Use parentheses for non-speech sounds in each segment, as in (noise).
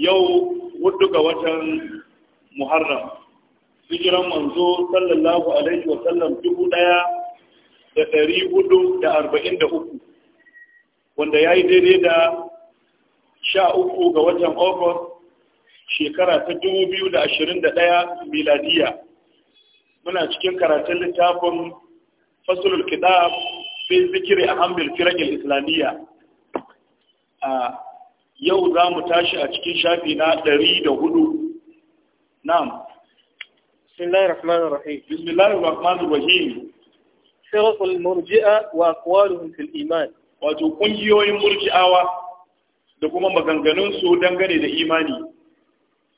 yau hudu ga watan muharram hijiran manzo sallallahu alaihi wa sallam dubu daya da dari hudu da arba'in da uku wanda ya yi daidai da sha uku ga watan ogos shekara ta dubu biyu da ashirin da daya miladiya muna cikin karatun littafin fasulul kitab fi zikiri a hamil firakil islamiyya ah, yau za mu tashi a cikin shafi na ɗari da hudu na'am bismillahir rahmanir rahim bismillahir rahmanir rahim shirkul murji'a wa aqwaluhum fil iman wato kungiyoyin murji'awa da kuma maganganun su dangane da imani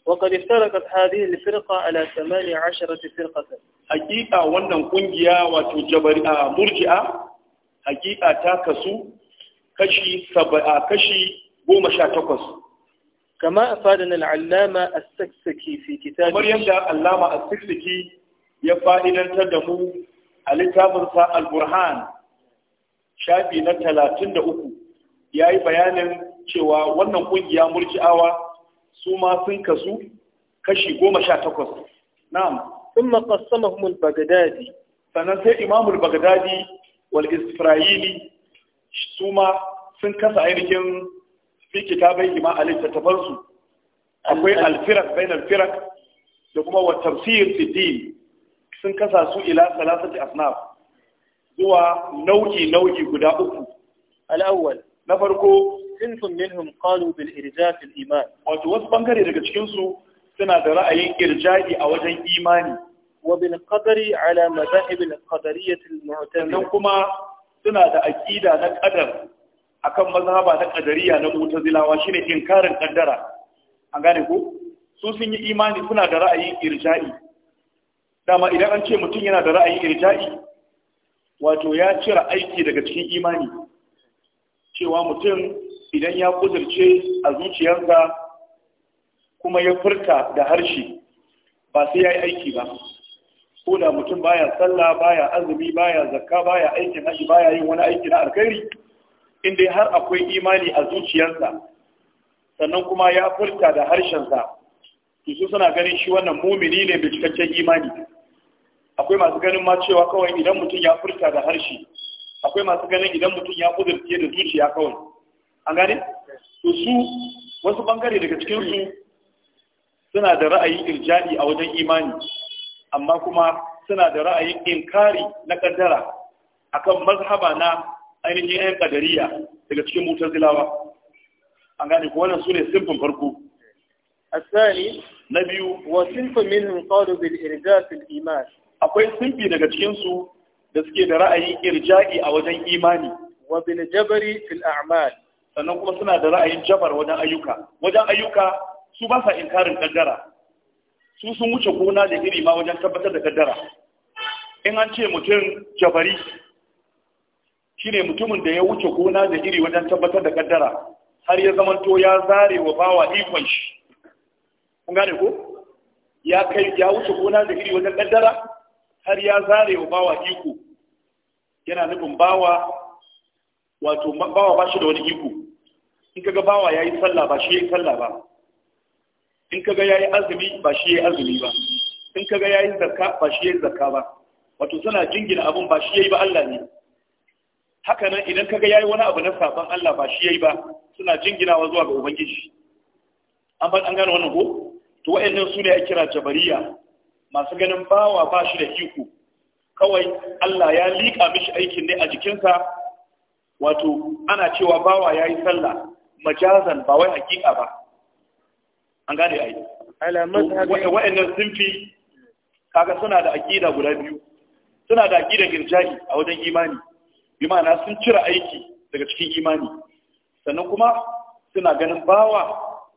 وقد افترقت هذه الفرقة على 18 فرقة حقيقة wannan kungiya wato jabari'a murji'a hakika ta kasu kashi 70 kashi goma sha takwas kama a fadin al'allama a saksaki fi kitabi kamar yadda alama a saksaki ya fa'idantar da mu a littafinsa al-burhan shafi na talatin da uku ya yi bayanin cewa wannan ƙungiya murji'awa su ma sun kasu kashi goma sha takwas na'am sun maƙasamahun bagadadi sannan sai imamul bagadadi wal isra'ili su ma sun kasa ainihin fi kitabai ma a littattafansu akwai alfirak bain alfirak da kuma wa tafsir fi din sun kasa su ila salasati asnaf zuwa nau'i nau'i guda uku al-awwal na farko sinfun minhum qalu bil irja' fil iman wato wasu bangare daga cikin su suna da ra'ayin irja'i a wajen imani wa bil qadari ala madahib al qadariyyah al kuma suna da aqida na qadar akan mazhaba na kadariya na mutazilawa shine inkarin kaddara an gane ko su sun yi imani suna da ra'ayin irja'i dama idan an ce mutum yana da ra'ayin irja'i wato ya cira aiki daga cikin imani cewa mutum idan ya kudirce a zuciyarsa kuma ya furta da harshe ba sai ya yi aiki ba ko da mutum baya sallah baya azumi baya zakka baya aikin haji baya yin wani aiki na alkhairi Inda har akwai imani a zuciyarsa sannan kuma ya furta da harshensa to su suna ganin shi wannan mumini ne mai cikakken imani akwai masu ganin ma cewa kawai idan mutum ya furta da harshe akwai masu ganin idan mutum ya kudurce da zuciya kawai an gane to su wasu bangare daga cikin su suna da ra'ayin irjani a wajen imani amma kuma suna da ra'ayin inkari na kaddara akan mazhaba na ainihin yan kadariya daga cikin zilawa an gane ko wannan sune simfin farko Na wa نبي وصنف منهم bil irja fil iman. akwai simfi daga cikinsu da suke da ra'ayin irja'i a wajen imani wa bil jabri fil a'mal sannan kuma suna da ra'ayin jabar wajen ayyuka wajen ayyuka su ba sa inkarin kaddara su sun wuce gona da iri ma wajen tabbatar da kaddara in an ce mutum jabari shine mutumin da ya wuce gona da iri wajen tabbatar da kaddara har ya zamanto ya zare wa bawa ikon shi kun gane ko ya kai ya wuce gona da iri wajen kaddara har ya zare wa bawa iko yana nufin bawa wato bawa ba shi da wani iko in kaga bawa yayi sallah ba shi yayi sallah ba in kaga yayi azumi ba shi yayi azumi ba in kaga yayi zakka ba shi yayi zakka ba wato suna jingina abun ba shi yayi ba Allah ne haka nan idan kaga yayi wani abu na saban Allah ba shi yayi ba suna jinginawa zuwa ga ubangiji an ba an gane wannan ko to wayannan su ne ake kira jabariya masu ganin bawa ba shi da iko kawai Allah ya liƙa mishi aikin ne a jikinsa wato ana cewa bawa ya yi sallah majazan ba wai hakika ba an gane ai wa'annan sun fi kaga suna da aƙida guda biyu suna da aƙidan irjahi a wajen imani bi ma'ana sun cire aiki daga cikin imani sannan kuma suna ganin bawa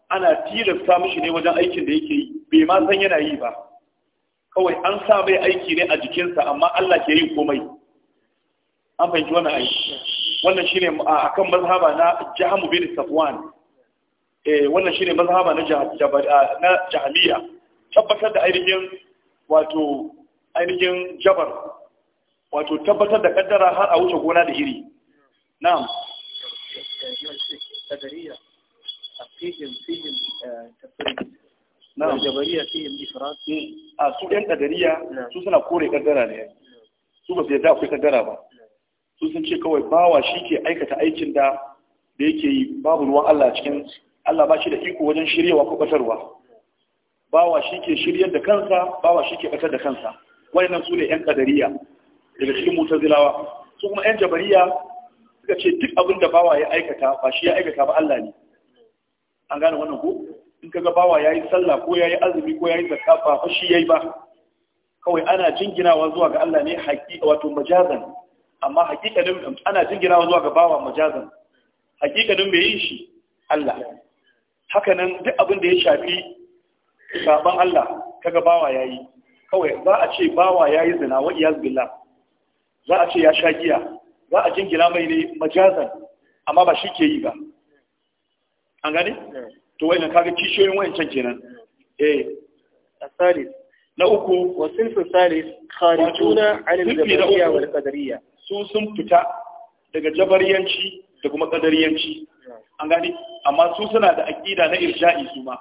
ana tilasta mishi ne wajen aikin da yake yi bai ma san yana yi ba kawai an sa mai aiki ne a jikinsa amma Allah ke yin komai an fahimci wannan aiki wannan shine akan mazhaba na Jahm bin Safwan eh wannan shine mazhaba na na Jahmiya tabbatar da ainihin wato ainihin jabar wato tabbatar da kaddara har a wuce gona da iri na'am na'am mm. a su ɗan ƙadariya su suna kore ƙaddara ne su ba su yadda akwai ƙaddara ba su sun ce kawai bawa shi ke aikata aikin da da yake yi babu ruwan Allah cikin Allah ba shi da iko wajen shiryawa ko ƙasarwa bawa shi ke shiryar da kansa bawa shi ke ƙasar da kansa nan su ne ƴan ƙadariya daga cikin mutazilawa su kuma yan jabariya suka ce duk abin da bawa ya aikata ba shi ya aikata ba Allah ne an gane wannan ko in kaga bawa yayi sallah ko yayi azumi ko yayi zakka ba fa shi yayi ba kawai ana jinginawa zuwa ga Allah ne haƙiƙa wato majazan amma haƙiƙanin ana jinginawa zuwa ga bawa majazan haƙiƙanin bai yi shi Allah Hakanan duk abin da ya shafi saban Allah kaga bawa yayi kawai za a ce bawa yayi zina wa iyaz billah za a ce ya sha giya za a jingina mai ne majazan amma ba shi ke yi ba an gani? to wayannan kaga kishiyoyin can kenan eh asali na uku wa sinfu salis kharijuna an al-jabariyya wal qadariyya su sun fita daga jabariyanci da kuma qadariyanci an gani? amma su suna da aqida na irja'i su ma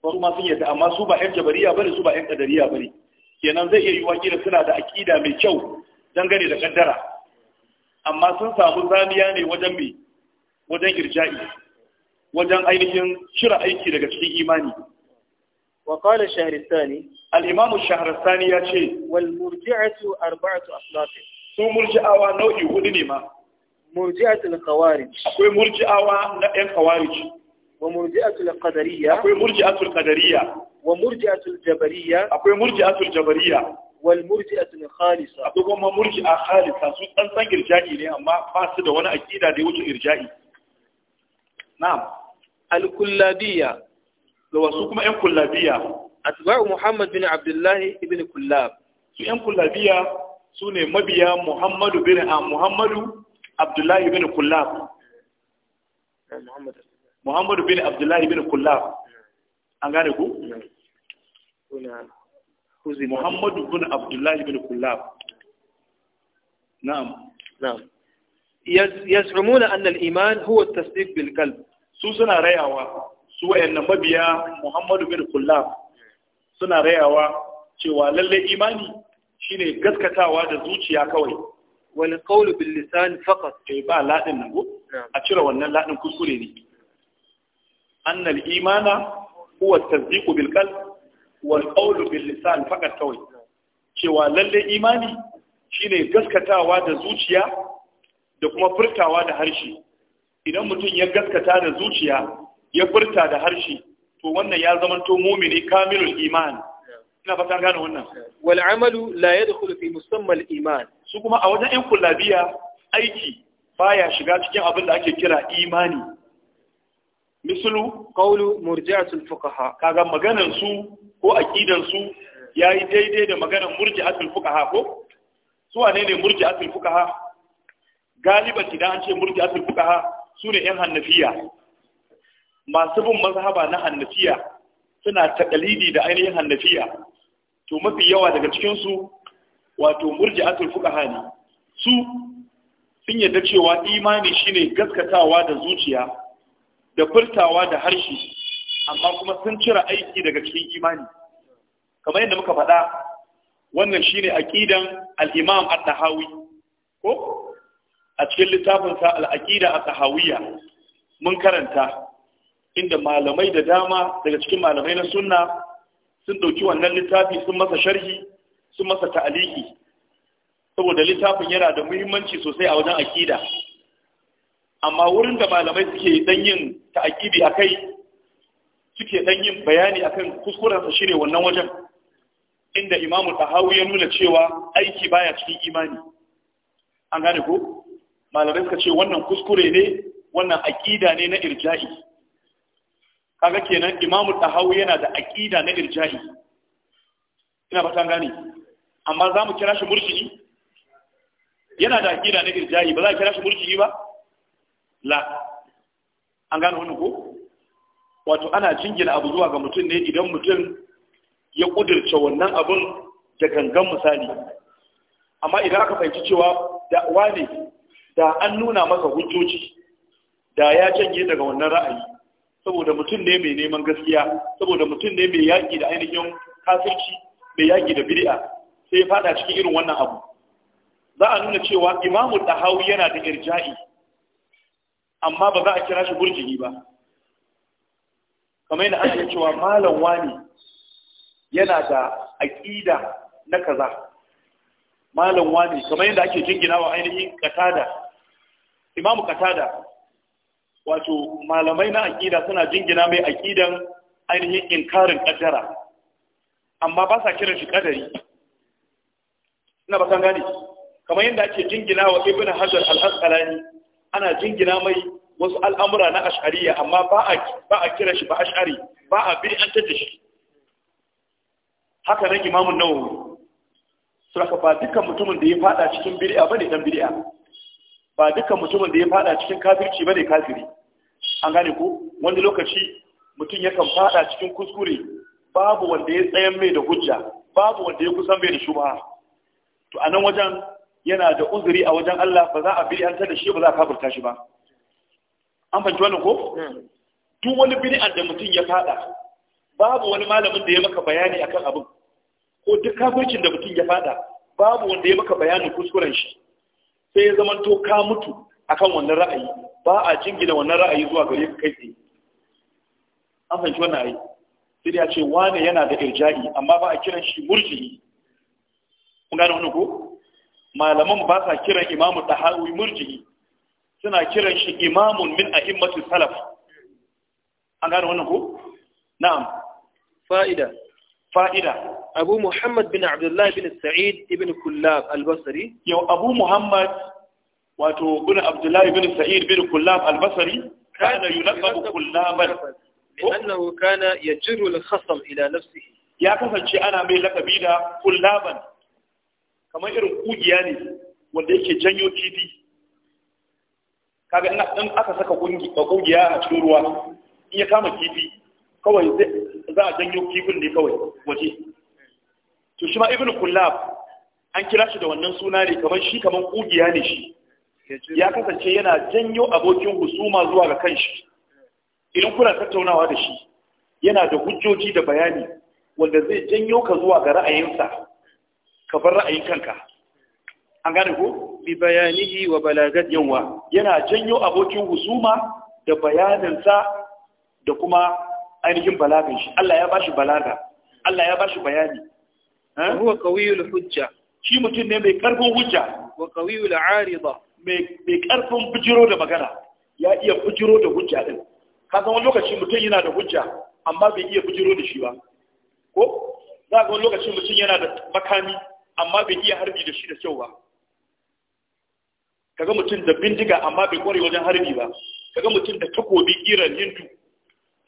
su ma sun yadda amma su ba yan jabariya bane su ba yan qadariya bane kenan zai iya yiwa kila suna da aqida mai kyau dangane da kaddara amma sun samu zamiya ne wajen mai wajen irja'i wajen ainihin shira aiki daga cikin imani wa qala shahristani al-imam shahristani ya ce wal murji'atu arba'atu aslaf su murji'awa nau'i hudu ne ma murji'atul khawarij akwai murji'awa na ɗan khawarij wa murji'atul qadariyya akwai murji'atul qadariyya wa murji'atul jabariyya akwai murji'atul jabariyya wal murji'atu khalisa akwai kuma murji'a khalisa su tsantsan irja'i ne amma ba su da wani aqida da ya wuce irja'i na'am al kullabiyya ga wasu kuma yan kullabiyya atba'u muhammad bin abdullahi ibn kullab su yan kullabiyya su mabiya muhammadu bin abdullahi bin kullab muhammadu bin abdullahi bin kullab na'am na'am yazumuna anna al-iman huwa at-tasdiq bil qalb su suna rayawa su wayannan mabiya muhammadu bin kullab suna rayawa cewa lalle imani shine gaskatawa da zuciya kawai wal qawlu bil lisan faqat eh ba ladin nan a cire wannan ladin kuskure ne anna al-imana huwa at-tasdiq bil qalb wal qawlu lisan fakat kawai cewa lalle imani shine gaskatawa da zuciya da kuma furtawa da harshe idan mutum ya gaskata da zuciya ya furta da harshe to wannan ya zama to mumini kamilul iman ina fata gane wannan wal amalu la yadkhulu fi musamma iman su kuma a wajen in kullabiya aiki baya shiga cikin abin da ake kira imani misalu qawlu murji'atul fuqaha kaga maganar su ko aqidan su yayi daidai da maganar murji'atul fuqaha ko su wane ne murji'atul fuqaha galiban idan an ce murji'atul fuqaha su ne yan hannafiya masu bin mazhaba na hannafiya suna takalidi da ainihin hannafiya to mafi yawa daga cikin su wato murji'atul fuqaha ne su sun yadda cewa imani shine gaskatawa da zuciya da furtawa da harshe amma kuma sun cire aiki daga cikin imani kamar yadda muka faɗa wannan shine aqidan al-imam at-tahawi ko a cikin littafinsa al-aqida a tahawiyya mun karanta inda malamai da dama daga cikin malamai na sunna sun dauki wannan littafi sun masa sharhi sun masa ta'aliki saboda littafin yana da muhimmanci sosai a wajen aqida amma wurin da malamai suke dan yin ta'akidi kai. suke dan yin bayani akan kuskuren su shine wannan wajen inda Imam Tahawi ya nuna cewa aiki baya cikin imani an gane ko malamai suka ce wannan kuskure ne wannan aqida ne na irja'i kaga kenan Imam Tahawi yana da aqida na irja'i ina ba ta gane amma za mu kira shi murshidi yana da aqida na irja'i ba za a kira shi murshidi ba la an gane wannan ko wato ana jingina abu zuwa ga mutum ne idan mutum ya kudirce wannan abin da gangan misali amma idan aka fahimci cewa wane da an nuna maka hujjoji da ya canje daga wannan ra'ayi saboda mutum ne mai neman gaskiya saboda mutum ne mai yaƙi da ainihin kafirci mai yaƙi da bid'a sai ya fada cikin irin wannan abu za a nuna cewa imamu dahawi yana da irja'i amma ba za a kira shi burjini ba kamar yadda ana cewa malam wani yana da aƙida na kaza malam wani kamar yadda ake jingina wa ainihin katada imamu katada wato malamai na aƙida suna jingina mai aƙidan ainihin inkarin ƙaddara amma ba sa kiran shi ƙadari ina ba san gane kamar yadda ake jingina wa ibn hajar al-asqalani ana jingina mai wasu al'amura na ash'ariya amma ba a kira shi ba ash'ari ba a bid'antar an shi haka nan imamun nawa. su ba dukkan mutumin da ya fada cikin ba bane dan bid'a ba dukkan mutumin da ya fada cikin kafirci bane kafiri an gane ko wani lokaci mutum yakan fada cikin kuskure babu wanda ya tsayan mai da hujja babu wanda ya kusan mai da shubha to anan wajen yana da uzuri a wajen Allah ba za a an da shi ba za a kafirta shi ba an fahimci wannan ko hmm. duk wani a da mutum ya fada babu wani malamin da ya maka bayani akan abin ko duk kafircin da mutum ya fada babu wanda ya maka bayanin kuskuren shi sai ya zama to ka mutu akan wannan ra'ayi ba a jingina wannan ra'ayi zuwa gare ka kai tsaye an fahimci wannan ayi sai ya ce wane yana da irja'i amma ba a kiran shi murji'i kun gane wani ko malaman ba sa kiran imamu hawi murji'i suna kiran shi imamun min a'immatu salaf an gane wannan ku? na'am fa'ida fa'ida abu muhammad bin abdullahi bin sa'id ibn kullab albasari. yau abu muhammad wato bin abdullahi bin sa'id bin kullab al-basri kana yulaqabu kullaban لأنه كان يجر الخصم إلى نفسه ya kasance ana mai lakabi da kullaban kamar irin kugiya ne wanda yake janyo kifi kaga ina dan aka saka kungiya a cikin ruwa in ya kama kifi kawai za a janyo kifin ne kawai waje to shi ma ibnu kullab an kira shi da wannan suna ne kamar shi kamar kungiya ne shi ya kasance yana janyo abokin husuma zuwa ga kanshi idan kuna tattaunawa da shi yana da hujjoji da bayani wanda zai janyo ka zuwa ga ra'ayinsa ka bar ra'ayin kanka an gane ko bi bayanihi wa balagat yawa yana janyo abokin husuma da bayaninsa da kuma ainihin balagan shi Allah ya bashi balaga Allah ya bashi bayani huwa qawiyul hujja shi mutum ne mai karfin hujja wa qawiyul arida mai mai karfin bijiro da magana ya iya bujiro da hujja din kasan wani lokaci mutum yana da hujja amma bai iya bujiro da shi ba ko za ga wani lokaci mutum yana da makami amma bai iya harbi da shi da kyau ba kaga mutum da bindiga amma bai kware wajen harbi ba kaga mutum da takobi iran hindu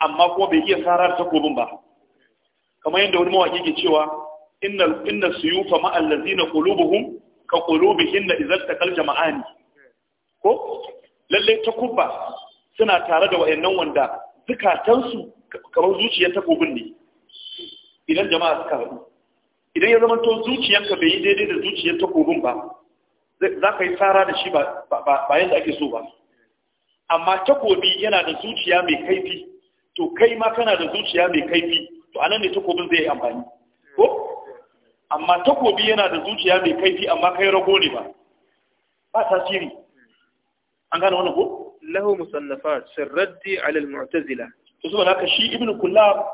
amma kuma bai iya tsara da takobin ba kamar yadda wani mawaki ke cewa inna inna suyufa ma allazina qulubuhum ka qulubihin idza taqal jama'ani ko lalle takuba suna tare da wayannan wanda zukatansu kamar zuciyar takobin ne idan jama'a suka haɗu idan ya zama to zuciyanka bai yi daidai da zuciyar takobin ba za ka yi tsara da shi ba yadda ake so ba amma takobi yana da zuciya mai kaifi to kai ma kana da zuciya mai kaifi to anan ne takobin zai yi amfani ko amma takobi yana da zuciya mai kaifi amma kai rago ne ba ba tasiri an gane wannan ko lahu Musallafa, sirraddi Alil al-mu'tazila to saboda haka shi ibnu kullab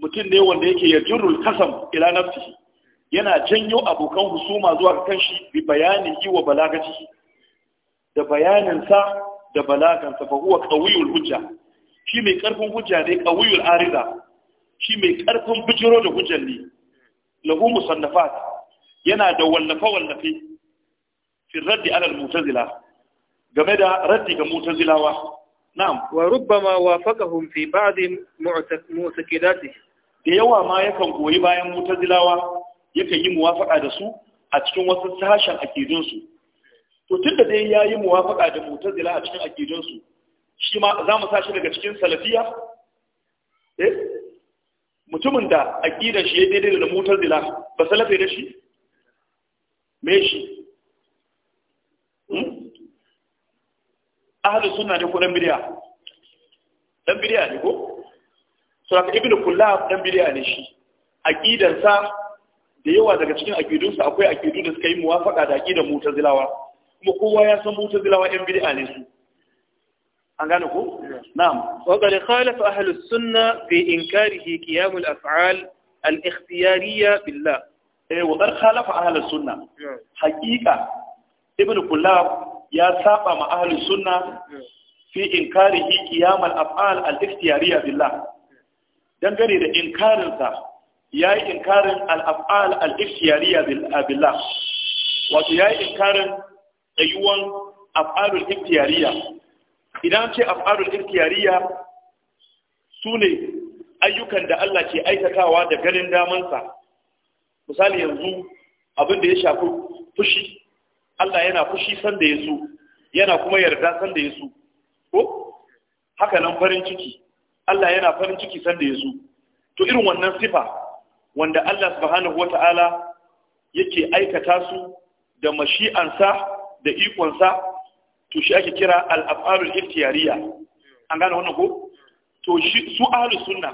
mutum ne wanda yake yajrul qasam ila nafsihi yana janyo abokan husuma zuwa kan shi bi bayanin yi wa balagaci da bayaninsa da balagansa fa huwa qawiyul hujja shi mai karfin hujja ne qawiyul arida shi mai karfin bijiro da hujjar ne lahu musannafat yana da wallafa wallafe fi raddi ala mutazila game da raddi ga mu'tazilawa na'am wa rubbama wafaqahum fi ba'd mu'taqidatih da yawa ma yakan goyi bayan mu'tazilawa yakan yi muwafaka da su a cikin wasu sashen akidunsu to tun da dai ya yi muwafaka da mutazila a cikin akidunsu shi ma za mu sashi daga cikin salafiya eh mutumin da akidan shi ya daidai da mutazila ba salafe da shi me shi hmm? ahalus sunna da ko dan bid'a dan bid'a ne ko so ibnu kullab dan bid'a ne shi aqidansa da yawa daga cikin akidunsu akwai akidu da suka yi muwafaka da akidar mutazilawa kuma kowa ya san mutazilawa yan bid'a ne su an gane ku? na'am wa qad khalafa ahlus sunna fi inkarihi qiyam al af'al al ikhtiyariyya billah eh wa qad khalafa ahlus sunna haqiqa ibn kullab ya saba ma ahlus sunna fi inkarihi qiyam al af'al al ikhtiyariyya billah dangane da inkarinsa ya yi inkarin al'af'al al'ifshiyariya billah wato ya yi inkarin tsayuwan af'alul iftiyariya idan ce af'alul iftiyariya su ne ayyukan da Allah ke aikatawa da ganin sa? misali yanzu abin da ya shafi fushi Allah yana fushi sanda ya su, yana kuma yarda sanda ya su. ko haka nan farin ciki Allah yana farin ciki sanda ya su. to irin wannan sifa wanda Allah subhanahu wata'ala yake aikata su da mashi'ansa da ikonsa to shi ake kira al-af'alul an gane wannan ko to su ahlus sunna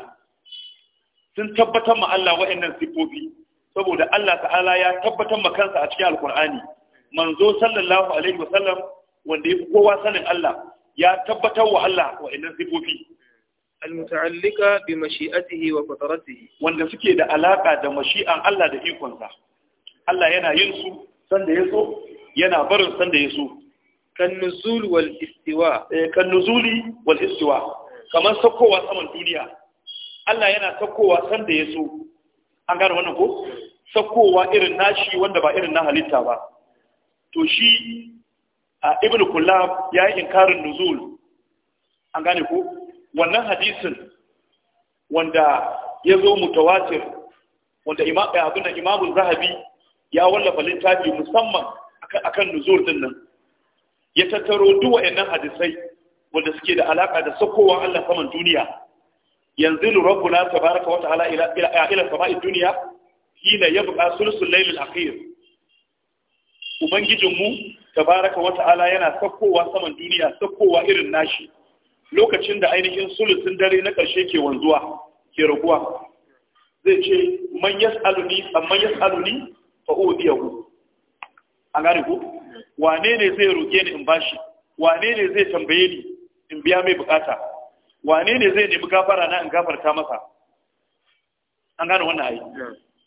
sun tabbatar ma Allah wa'annan sifofi saboda Allah ta'ala ya tabbatar ma kansa a cikin alkur'ani manzo sallallahu alaihi wasallam wanda ya kowa sanin Allah ya tabbatar wa Allah wa'annan sifofi المتعلقه بمشيئته وقدرته wanda suke da alaka da mashi'an Allah da ikonsa? sa Allah yana yin su sanda yaso yana barin sanda yaso kan nuzul wal istiwa eh, kan nuzuli wal istiwa kamar sakowa saman duniya Allah yana sakowa sanda yaso an gane wannan ko sakowa irin nashi wanda ba irin na halitta ba to shi a ibnu kullab ya yi inkarin nuzul an gane ko wannan hadisin wanda ya zo mutawatir wanda eh, abin da imamun zahabi ya wallafa littafi musamman akan nuzur din nan ya tattaro duk wayannan hadisai wanda suke da alaka da sakowa Allah saman duniya yanzu rabbuna tabaraka wa ta'ala ila ila ila sama'id duniya hina yabqa sulusul laylil akhir ubangijinmu tabaraka wa ta'ala yana sakowa saman duniya sakowa irin nashi lokacin da ainihin sulutun dare na ƙarshe ke wanzuwa ke raguwa zai ce man yas'aluni amman yas'aluni fa udiyahu a gane ku wane ne zai roƙe ni in bashi wane ne zai tambaye ni in biya mai bukata wane ne zai nemi gafara na in gafarta masa an gane wannan ayi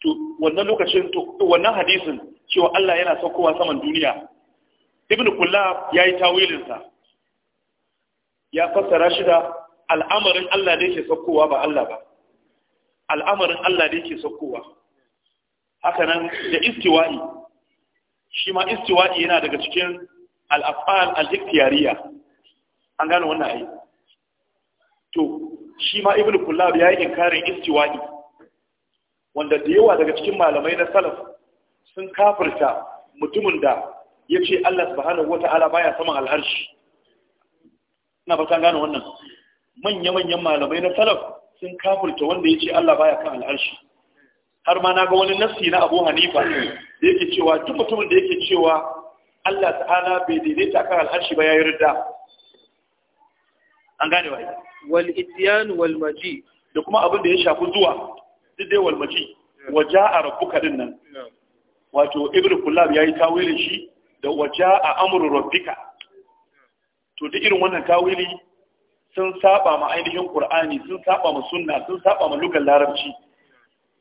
to wannan lokacin to wannan hadisin cewa Allah yana saukowa saman duniya ibnu kullab yayi tawilin sa ya fassara shi da al'amarin Allah da yake saukowa ba Allah ba al'amarin Allah da yake saukowa haka nan da istiwa'i shi ma istiwa'i yana daga cikin al'afal al-ikhtiyariya an gano wannan ai to shi ma ibnu kullab yi inkarin istiwa'i wanda da yawa daga cikin malamai na salaf sun kafirta mutumin da ce Allah subhanahu wata'ala baya saman al'arshi na fatan gano wannan manya-manyan malamai na salaf sun kafurta wanda ya ce Allah baya kan al'arshi har ma na ga wani nassi na abu hanifa da yake cewa duk mutumin da yake cewa Allah ta'ala bai daidaita kan al'arshi ba ya yi ridda an gane wa wal ityan wal maji da kuma abin da ya shafi zuwa duk dai wal maji waja'a rabbuka din nan wato ibnu kullab yayi tawilin shi da waja'a amru rabbika to da irin wannan tawili sun saba ma ainihin qur'ani sun saba ma sunna sun saba ma lugar larabci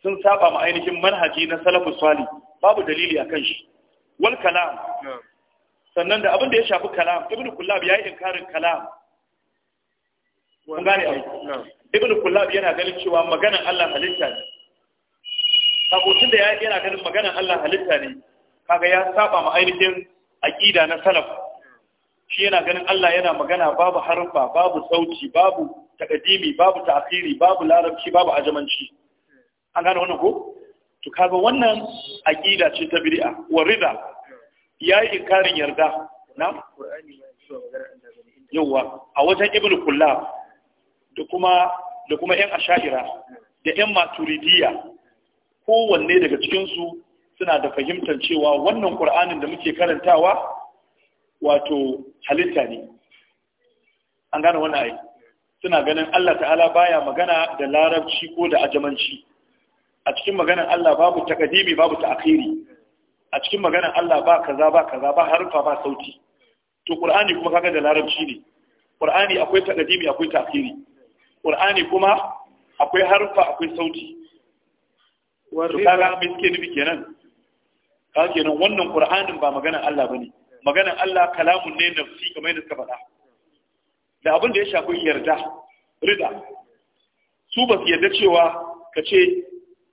sun saba ma ainihin manhaji na salafus salih babu dalili akan shi wal kalam sannan da abin da ya shafi kalam ibnu kullab yayi inkarin kalam wannan ne ai ibnu kullab yana ganin cewa maganan Allah halitta ne sabotin da yana ganin maganan Allah halitta ne kaga ya saba ma ainihin aqida na salaf shi yana ganin Allah yana magana babu harfa babu sauti babu takadimi babu ta'khiri babu larabci babu ajamanci an gane wannan ko to kaga wannan aqida ce ta bid'a wa rida yayi inkarin yarda na yawa a wajen ibnu kullab da kuma da kuma yan asha'ira da yan maturidiya kowanne daga cikin su suna da fahimtar cewa wannan qur'anin da muke karantawa wato halitta ne an gane wannan ai suna ganin Allah ta'ala baya magana da larabci ko da ajamanci a cikin maganar Allah babu takadimi babu ta'khiri a cikin maganar Allah ba kaza ba kaza ba harfa ba sauti to qur'ani kuma kaga da larabci ne qur'ani akwai takadimi akwai ta'khiri qur'ani kuma akwai harfa akwai sauti wato kaga me suke kenan kaga kenan wannan qur'anin ba maganar Allah bane maganan Allah kalamun ne nafsi kamar yadda suka faɗa da abin da ya shafi yarda rida su ba su yarda cewa ka ce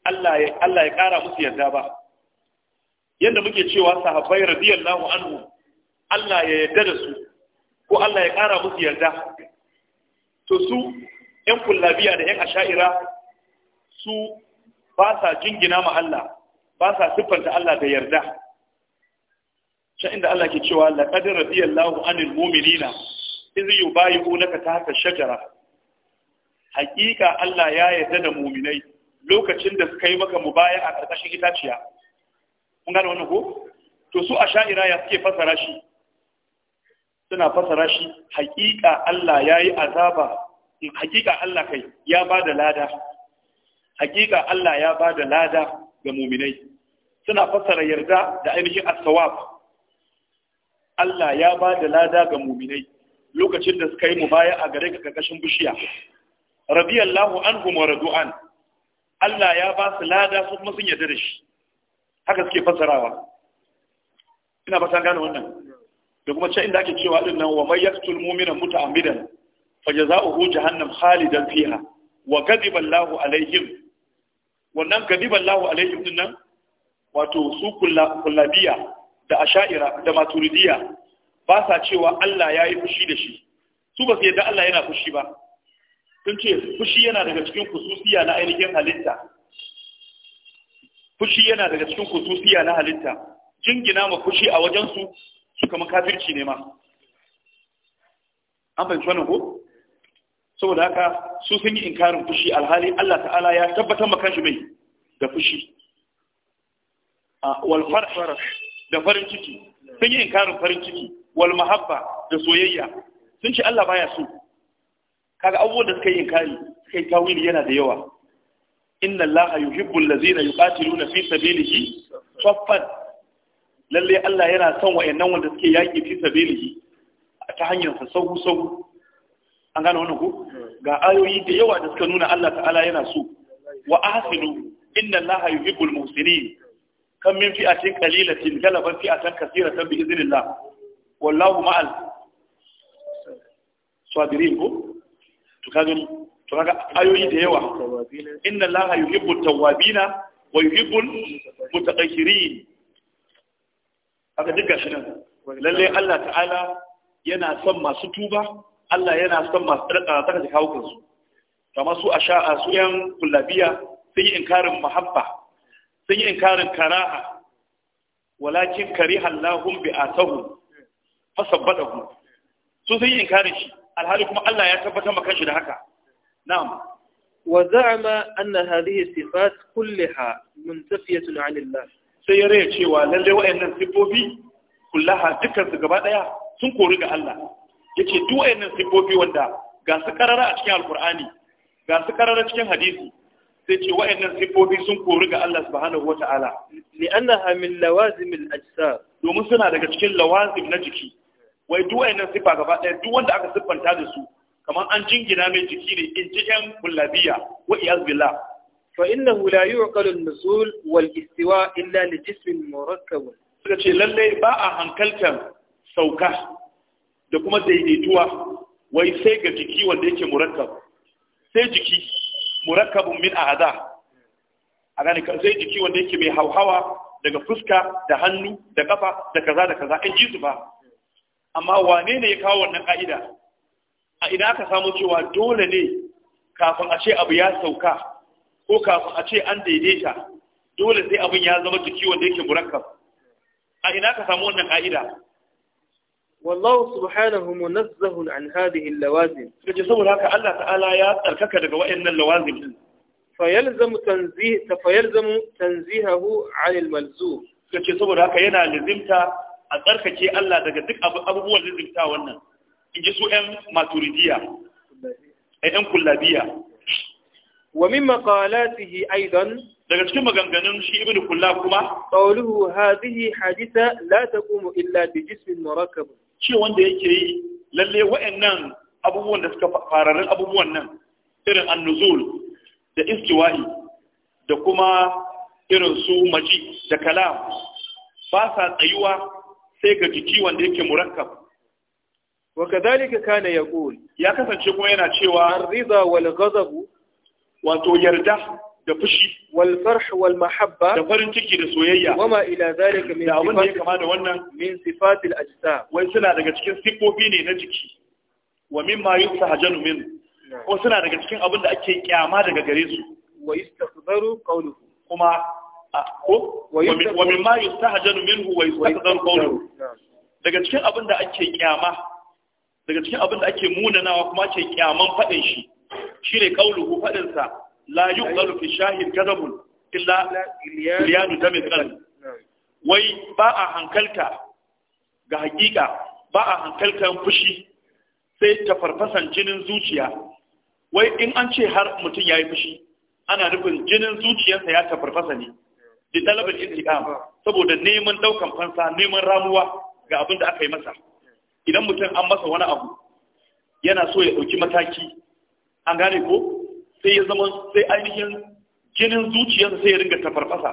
Allah ya ƙara musu yarda ba yadda muke cewa sahabbai radiyallahu anhu Allah ya yarda da su ko Allah ya ƙara musu yarda to su ‘yan kullabiya da ‘yan asha'ira su ba sa jingina ma Allah ba sa siffanta Allah da yarda can inda Allah ke cewa laqad radiyallahu anil mu'minina iz yubayyi'unaka tahta shajara haƙiƙa Allah ya yarda da mu'minai lokacin da suka yi maka mubaya a ƙarƙashin itaciya kun gane wannan ko to su a sha'ira ya suke fasara shi suna fasara shi haƙiƙa Allah ya yi azaba haƙiƙa Allah kai ya ba da lada haƙiƙa Allah ya ba da lada ga mu'minai suna fasara yarda da ainihin as-sawab Allah ya ba da lada ga muminai lokacin da suka yi mu baya a gare ka karkashin bishiya radiyallahu anhum wa radu'an Allah ya ba su lada su kuma sun yarda da shi haka suke fasarawa ina ba ta gane wannan da kuma can inda ake cewa din nan wa may yaqtul mu'mina muta'ammidan fajaza'uhu jahannam khalidan fiha wa ghadiba Allahu alaihim wannan ghadiba Allahu alaihim din nan wato su kullabiya da asha'ira da maturidiya ba sa cewa Allah ya yi fushi da shi su ba su yadda Allah yana fushi ba sun ce fushi yana daga cikin kususiya na ainihin halitta fushi yana daga cikin kususiya na halitta jingina ma fushi a wajensu su kama kafirci ne ma an fahimci wannan ko saboda haka su sun yi inkarin fushi alhali Allah ta'ala ya tabbatar ma kanshi mai da fushi ah, wal farh da farin ciki sun yi inkarin farin ciki wal mahabba da soyayya sun ce Allah baya so kaga abubuwan da suka yi inkari suka yi tawili yana da yawa inna allaha yuhibbu allazina yuqatiluna fi sabilihi saffan lalle Allah yana son wayannan wanda suke yaki fi sabilihi ta hanyar sa sahu sahu an gane wannan ko ga ayoyi da yawa da suka nuna Allah ta'ala yana so wa ahsinu inna allaha yuhibbul muhsinin kan min fi'atin qalilatin galabat fi'atan kaseeratan bi idhnillah wallahu ma'al sabirin ko to kaga to kaga ayoyi da yawa inna allaha yuhibbu tawwabina wa yuhibbu mutatahhirin haka duk shi nan lalle Allah ta'ala yana son masu tuba Allah yana son masu tsarkaka ta kawo kansu kamar su a sha'a su yan kullabiya sun yi inkarin mahabba sun yi inkarin karaha walakin kariha Allahum bi atahu fasabbadahu su sun yi inkarin shi alhali kuma Allah ya tabbatar maka shi da haka na'am wa za'ama anna hadhihi sifat kullaha muntafiyatun 'an sai ya raya cewa lalle wayannan sifofi kullaha dukkan su gaba daya sun kori ga Allah yace duk wayannan sifofi wanda ga su karara a cikin alqur'ani ga su karara cikin hadisi sai ce wa'annan sifofi sun kori ga Allah subhanahu wata'ala li annaha min lawazim al-ajsam domin suna daga cikin lawazim na jiki wai duk wa'annan siffa gaba ɗaya duk wanda aka siffanta da su kamar an jingina mai jiki ne in ji ƴan kullabiya wa iyaz billah fa innahu la yu'qalu an-nuzul wal istiwa illa li jismin murakkab suka ce lalle ba a hankaltar sauka da kuma daidaituwa wai sai ga jiki wanda yake murakkab sai jiki murakkabun min a'za a gane sai jiki wanda yake mai hauhawa daga fuska da hannu da kafa da kaza da kaza an ji su ba amma wane ne ya kawo wannan ka'ida a ina aka samu cewa dole ne kafin a ce abu ya sauka ko kafin a ce an daidaita dole sai abin ya zama jiki wanda yake murakkab a ina aka samu wannan ka'ida والله سبحانه منزه عن هذه اللوازم فيلزم تنزيه فيلزم تنزيهه عن الملزوم فجسول هكا ينا لزمتا أدرك شيء الله دقدك أبو أبو لزمتا ونا يجسو أم ما تريديا أم كلابيا ومن مقالاته أيضا قوله هذه حادثة لا تقوم إلا بجسم مركب ce wanda yake yi lalle wa'annan abubuwan da suka fararin abubuwan nan irin annuzul da istiwa'i da kuma irin su maji da kalam ba sa tsayuwa sai ga jiki wanda yake murakkab wa kadhalika kana yaqul ya kasance kuma yana cewa ar-ridha wal ghadab wato yarda da fushi wal farh wal mahabba da farin ciki da soyayya wama ila zalika min abin da ya kama da wannan min sifatil ajsa wai suna daga cikin sifofi ne na jiki wa mimma yusahajanu min ko suna daga cikin abin da ake kyama daga gare su wa yastahzaru qawluhu kuma ko wa mimma yustahjanu minhu wa yustahzaru qawluhu daga cikin abin da ake kyama daga cikin abin da ake munanawa kuma ake kyaman fadin shi shine qawluhu fadin sa لا يقبل في الشاهد كذب illa liyanu دم القلب wai ba a ga hakika ba a hankaltan fushi sai ta farfasan jinin zuciya wai in an ce har mutum ya yi fushi ana nufin jinin zuciyarsa ya ta farfasa ne da talabar intiqam saboda neman daukan fansa neman ramuwa ga abin da aka yi masa idan mutum an masa wani abu yana so ya dauki mataki an gane ko sai ya zama sai ainihin jinin zuciyarsa sai ya ringa tafarfasa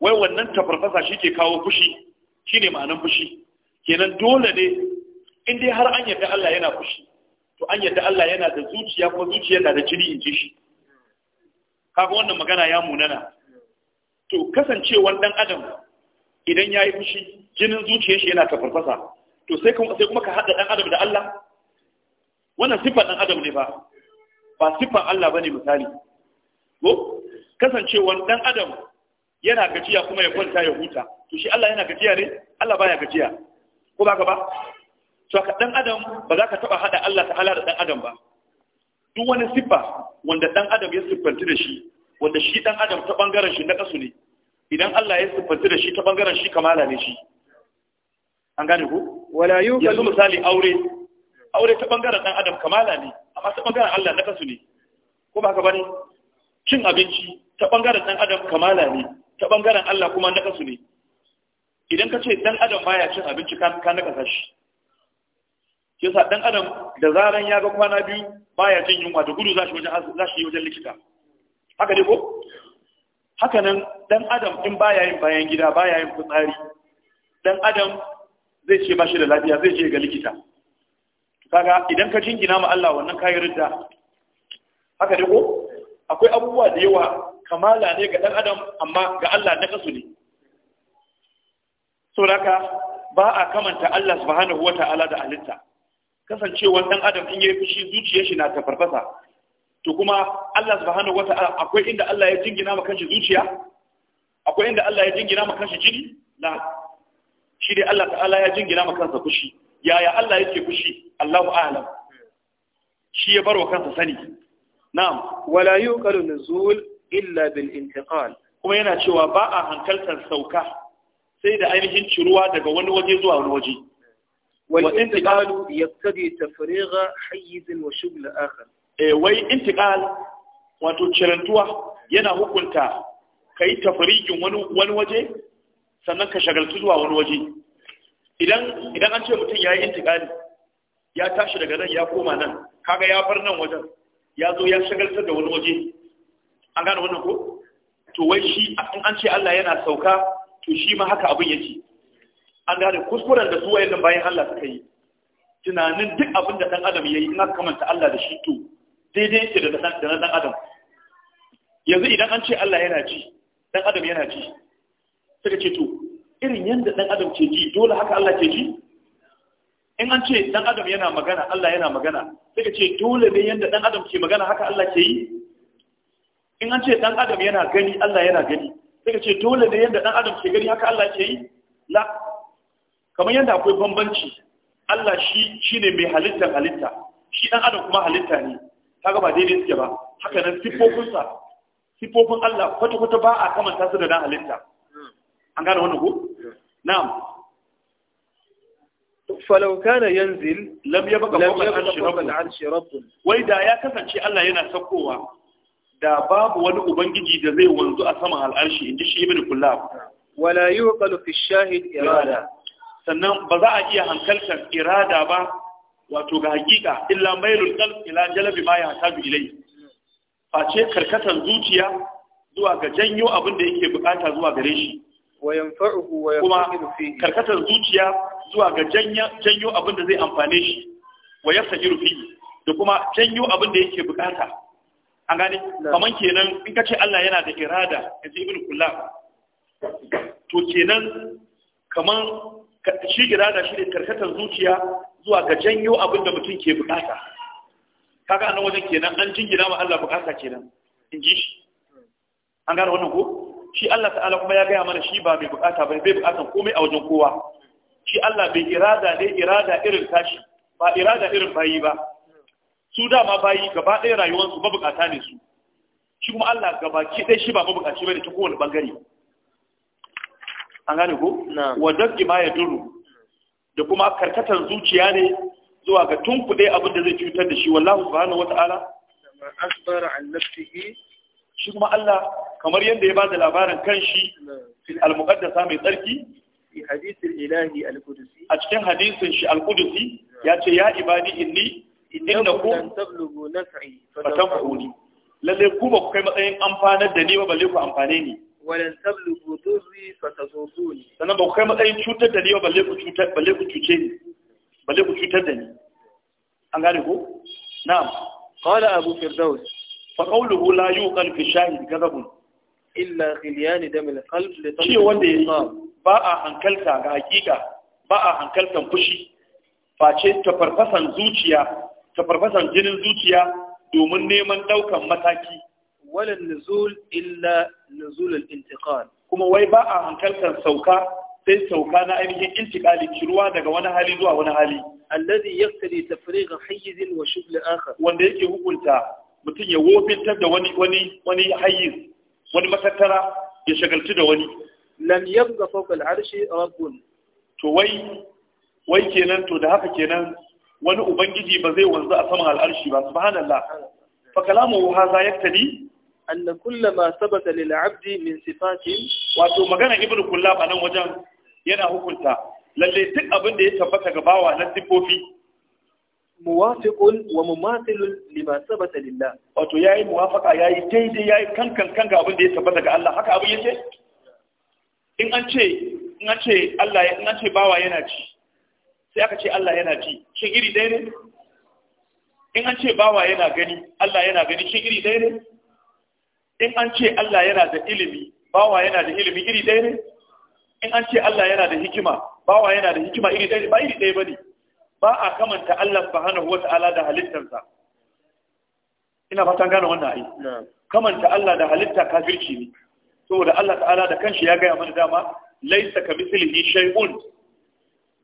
wai wannan tafarfasa shi ke kawo fushi shi ne ma'anin fushi kenan dole ne in dai har an yarda Allah yana fushi to an yarda Allah yana da zuciya ko zuciya na da jini in ji shi kafin wannan magana ya munana to kasancewar dan adam idan ya yi fushi jinin zuciyar shi yana tafarfasa to sai kuma ka haɗa dan adam da Allah wannan siffar dan adam ne ba ba siffan Allah bane misali ko kasancewan dan adam yana gajiya kuma ya kwanta ya huta to shi Allah yana gajiya ne Allah baya gajiya ko ba ka ba to ka dan adam ba za ka taba hada Allah ta'ala da dan adam ba duk wani siffa wanda dan adam ya siffanci da shi wanda shi dan adam ta bangaren shi na kasu ne idan Allah ya siffanci da shi ta bangaren shi kamala ne shi an gane ko wala ka misali aure aure ta bangaren dan adam kamala ne amma ta Allah na kasu ne ko ba ka bane cin abinci ta ɓangaren ɗan adam kamala ne ta ɓangaren Allah kuma na kasu ne idan ka ce ɗan adam baya cin abinci ka ka na kasa shi sa ɗan adam da zaran ya ga kwana biyu baya jin yunwa da gudu za wajen zashi wajen likita haka ne ko haka nan dan adam in baya yin bayan gida baya yin fitsari ɗan adam zai ce ba shi da lafiya zai je ga likita kaga idan ka jingina ma Allah wannan kayi ridda haka dai ko akwai abubuwa da yawa kamala ne ga dan adam amma ga Allah na kasu ne so haka ba a kamanta Allah subhanahu wata'ala da halitta kasancewar dan adam in yayi fushi zuciyar shi na tafarfasa to kuma Allah subhanahu wata'ala akwai inda Allah ya jingina ma kanshi zuciya akwai inda Allah ya jingina ma kanshi jini la shi dai Allah ta'ala ya jingina ma kansa fushi yaya Allah yake fushi Allahu a'lam shi ya barwa kansa sani na'am wala yuqalu nuzul illa bil intiqal kuma yana cewa ba a hankaltar sauka sai da ainihin ciruwa daga wani waje zuwa wani waje wal intiqal yaqtadi tafriga hayyiz wa shughl akhar eh wai intiqal wato cirantuwa yana hukunta kai tafrijin wani wani waje sannan ka shagaltu zuwa wani waje idan an ce mutum ya yi intikali ya tashi daga nan ya koma nan kaga ya bar nan wajen ya zo ya shagaltar da wani waje an gane wannan ko to wai shi in an ce Allah yana sauka to shi ma haka abin yake an gane kuskuren da su wayannan bayan Allah suka yi tunanin duk abin da dan adam yayi in aka kamanta Allah da shi to daidai ce da dan adam yanzu idan an ce Allah yana ci, dan adam yana ci, suka ce to irin yadda ɗan adam ke ji dole haka Allah ke ji in an ce ɗan adam yana magana Allah yana magana sai ka ce dole ne yadda ɗan adam ke magana haka Allah ke yi in an ce ɗan adam yana gani Allah yana gani sai ka ce dole ne yadda ɗan adam ke gani haka Allah ke yi la kamar yadda akwai bambanci Allah shi shine mai halittar halitta shi ɗan adam kuma halitta ne kaga ba daidai suke ba haka nan sifofinsa sifofin Allah kwata-kwata ba a kamanta su da dan halitta an gane wannan ko na'am falau kana yanzil lam yabqa fawqa al'arshi rabbun wai da ya kasance Allah yana sakowa da babu wani ubangiji da zai wanzu a saman al'arshi inji shi ibn kullab wala yuqalu fi shahid irada sannan ba za a iya hankaltar irada ba wato ga haƙiƙa illa mailul qalb ila jalabi ma yahtaju ilai face karkatar zuciya zuwa ga janyo abin da yake bukata zuwa gare shi kuma karkatar zuciya zuwa ga janyo abin da zai amfane shi wa yaftajiru fihi da kuma janyo abin da yake bukata an gane kaman kenan in ka ce Allah yana da irada yanzu ibn kullab to kenan kaman shi irada shi ne karkatar zuciya zuwa ga janyo abin da mutum ke bukata kaga anan wajen kenan an jingina wa Allah bukata kenan in ji shi an gane wannan ko shi Allah ta'ala kuma ya gaya mana shi ba mai bukata ba, bai bukatan komai a wajen kowa shi Allah bai irada ne irada irin tashi ba irada irin bayi ba su dama bayi gaba ɗaya rayuwarsu mabukata ne su shi kuma Allah gabaki dai shi ba mabukaci bane ta kowane bangare an gane ko wa dabki ma ya duru da kuma karkatar zuciya ne zuwa ga tunkuɗe abin da zai cutar da shi wallahu subhanahu wata'ala ma asbara an nafsihi shi kuma Allah kamar yadda ya ba da labarin kanshi fil al-muqaddasa mai tsarki fi hadithil ilahi al-qudusi a cikin hadisin shi al-qudusi yace ya ibadi inni innakum tablughu naf'i fatanfa'uni lalle ku ba ku kai matsayin amfanar da ni ba balle ku amfane ni walan tablughu durri fatazurruni sannan ba ku kai matsayin cutar da ni ba balle ku cutar balle ku cuce ni balle ku cutar da ni an gane ko na'am qala abu firdaus fa qawluhu la yuqal fi shahid kadhabun shi wanda ya ba a hankalta ga ba a hankaltan fushi face ta farfasan zuciya ta zuciya domin neman ɗaukan mataki wala nuzul illa nuzul al kuma wai ba a hankaltan sauka sai sauka na ainihin intiqali ciruwa daga wani hali zuwa wani hali alladhi yaqtadi tafriga hayyiz wa shughl akhar wanda yake hukunta mutum ya wofintar da wani wani wani wani matattara ya shagaltu da wani lam yabqa fawqa al'arshi rabbun to wai wai kenan to da haka kenan wani ubangiji ba zai wanzu a saman al'arshi ba subhanallah fa kalamu hadha yaktadi anna kulla sabata lil 'abdi min sifatin wato magana ibnu kullab anan wajen yana hukunta lalle duk abin da ya tabbata ga bawa na sifofi muwafiqun wa mumathilun lima sabata lillah wato yayi muwafaka yayi daidai yayi kankan kan ga abin da ya tabbata ga Allah haka abin yake in an ce in an ce Allah in an ce bawa yana ci sai aka ce Allah yana ci shin iri ɗaya ne in an ce bawa yana gani Allah yana gani shin iri ɗaya ne in an ce Allah yana da ilimi bawa yana da ilimi iri ɗaya ne in an ce Allah yana da hikima bawa yana da hikima iri ɗaya ba iri ɗaya bane ba a kamanta Allah subhanahu wata'ala da halittarsa ina fatan gane wannan ai kamanta Allah da halitta kafirci ne saboda Allah ta'ala da kanshi ya gaya mana dama laisa ka mislihi shay'un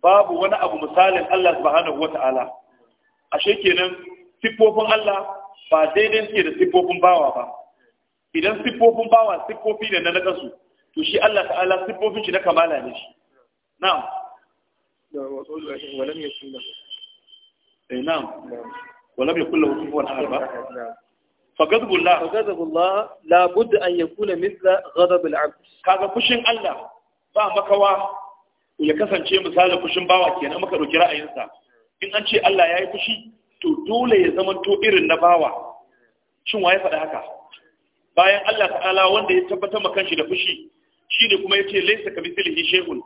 babu wani abu misalin Allah subhanahu wata'ala ashe kenan siffofin Allah ba daidai suke da siffofin bawa ba idan siffofin bawa sifofi ne na nakasu to shi Allah ta'ala siffofin shi na kamala ne shi na'am ولم يكن له اي نعم ولم يكن له كفوا احد فغضب الله الله ان يكون مثل غضب العبد Allah ba makawa ya kasance misalin kushin bawa kenan muka dauki ra'ayinsa in an ce Allah ya yi fushi to dole ya zama to irin na bawa shin waye faɗa haka bayan Allah ta'ala wanda ya tabbatar kan shi da fushi ne kuma yace laysa kamithlihi shay'un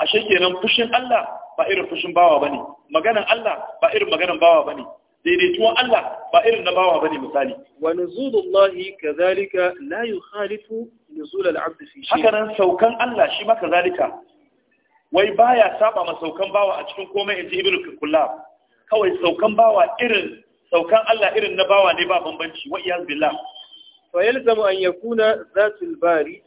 ashe kenan fushin Allah ba irin fushin bawa bane maganan Allah ba irin maganan bawa bane daidaituwan Allah ba irin na bawa bane misali wa nuzulullahi kadhalika la yukhalifu nuzul al-abd fi shay haka nan saukan Allah shi ma zalika. wai baya saba ma saukan bawa a cikin komai inji ibnu kullab kawai saukan bawa irin saukan Allah irin na bawa ne ba bambanci wa iyaz billah fa yalzamu an yakuna zatul bari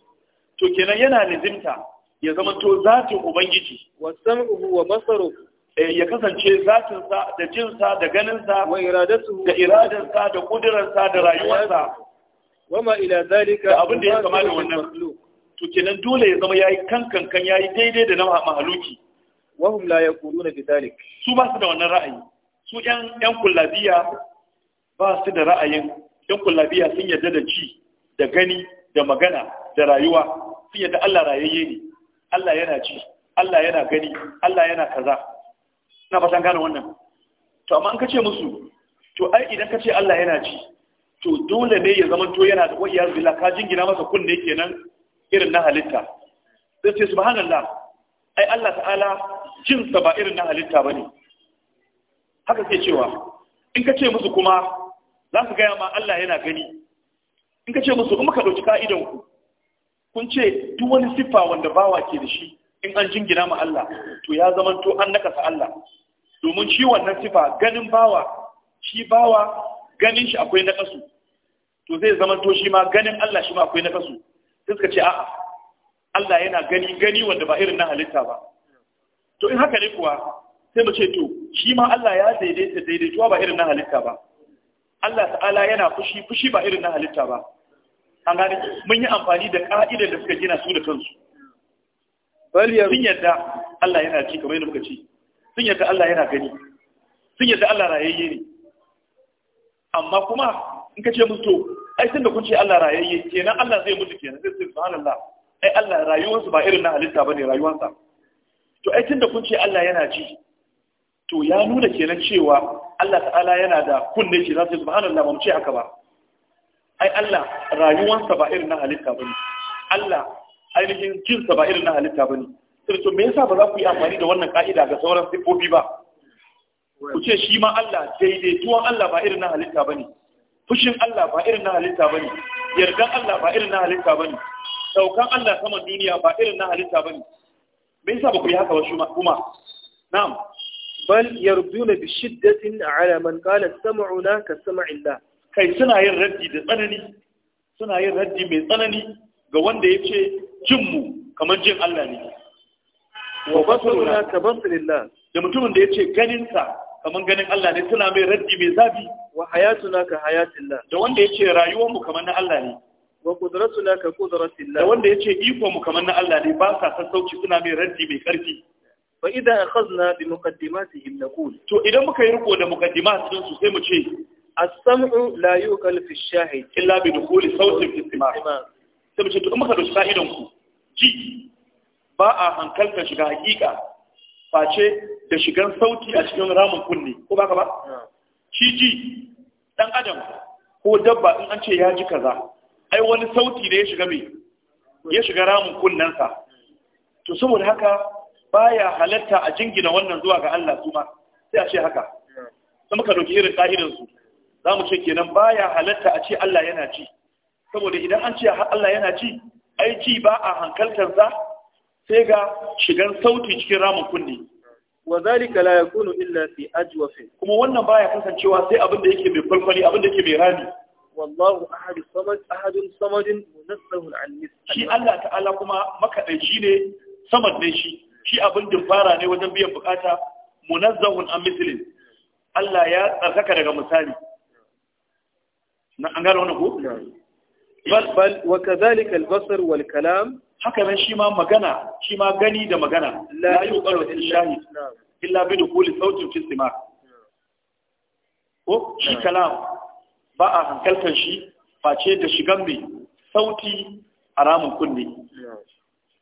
to kenan yana nizimta. ya zama to zatin ubangiji wa ubu wa basaruhu eh, ya kasance sa da jinsa da ganinsa wa iradatu da sa da sa da rayuwarsa ma ila zalika da abin da ya kama da wannan to kenan dole ya zama yayi kankan kan yayi daidai da na mahaluki hum la yaquluna bidhalik su ba su da wannan ra'ayi su yan yan kullabiya ba su da ra'ayin yan kullabiya sun yarda da ci da gani da magana da rayuwa sun yarda Allah rayayye ne Allah yana ci Allah yana gani Allah yana kaza ina fatan gane wannan to amma an ka ce musu to ai idan ka ce Allah yana ci to dole ne ya zama to yana da wayar bila ka jingina masa kunne kenan irin na halitta sai ce subhanallah ai Allah ta'ala jin sa ba irin na halitta bane haka ke cewa in ka ce musu kuma za su gaya ma Allah yana gani in ka ce musu kuma ka ɗauki ka'idan ku kun ce duk wani siffa wanda bawa ke da shi in an jingina ma Allah to ya zama to an nakasa Allah domin shi wannan siffa ganin bawa shi bawa ganin shi akwai nakasu to zai zama to shi ma ganin Allah shi ma akwai nakasu sai suka ce a'a Allah yana gani gani wanda ba irin na halitta ba to in haka ne kuwa sai mu ce to shi ma Allah ya daidaita daidaituwa ba irin na halitta ba Allah ta'ala yana fushi fushi ba irin na halitta ba an mun yi amfani da ka'idar da suka gina su da kansu sun yadda Allah yana ci kamar yadda muka ci sun yadda Allah yana gani sun yadda Allah rayayye ne amma kuma in ka ce musu ai tunda kun ce Allah rayayye kenan Allah zai mutu kenan sai subhanallah ai Allah rayuwarsa ba irin na halitta bane rayuwarsa to ai tunda kun ce Allah yana ji to ya nuna kenan cewa Allah ta'ala yana da kunne shi za su subhanallah ba mu ce haka ba ai Allah rayuwansa ba irin na halitta ba ne Allah ainihin jinsa ba irin na halitta ba ne sai to me yasa ba za ku yi amfani da wannan ka'ida ga sauran siffofi ba ku ce shi ma Allah daidaituwan Allah ba irin na halitta ba ne fushin Allah ba irin na halitta ba ne yardan Allah ba irin na halitta ba ne daukan Allah saman duniya ba irin na halitta ba ne me yasa ba ku yi haka ba shi kuma na'am bal yarduna bi shiddatin ala man qala sam'una ka sam'illah kai suna yin raddi da tsanani suna yin raddi mai tsanani ga wanda ya ce jinmu kamar jin Allah ne wa na ka basarillah da mutumin da ya ce ganinsa kamar ganin Allah ne suna mai raddi mai zafi wa hayatuna ka hayatillah da wanda ya ce rayuwarmu kamar na Allah ne wa qudratuna ka qudratillah da wanda ya ce ikonmu kamar na Allah ne ba sa sassauci suna mai raddi mai karfi fa idan akhadna bi muqaddimatihim naqul to idan muka yi riko da muqaddimat su sai mu ce as-sam'u la yuqal fi shahid illa bi dukhuli sautin fi istimar sai to muka dusa idan ku ji ba a hankalta shiga hakika face da shigan sauti a cikin ramin kunne ko ba ka ba ah. shi ji dan adam ko dabba in an ce ya ji kaza ai wani sauti ne ya shiga mai ya shiga ramin kunnensa to saboda haka baya halatta a jingina wannan zuwa ga Allah kuma sai a ce haka ah. sai muka dauki irin kahirin su za mu ce kenan baya halatta a ce Allah yana ci. saboda idan an ce Allah yana ci, ai ba a hankaltarsa sai ga shigan sauti cikin ramin kunne wa zalika la yakunu illa fi ajwafin kuma wannan baya kasancewa sai abin da yake mai falfali abin da yake mai rami wallahu ahad samad ahad samad munazzahun an nis shi Allah ta'ala kuma makadaici ne samad ne shi shi abin fara ne wajen biyan bukata munazzahun an mislin Allah ya tsarkaka daga misali an gano wani ko bal wa kadhalika al-basar wal kalam haka nan shi ma magana shi ma gani da magana la yuqalu illa illa bi dukhuli sautin fi istima' ko shi kalam ba a hankaltar shi face da shigan mai sauti a ramin kunne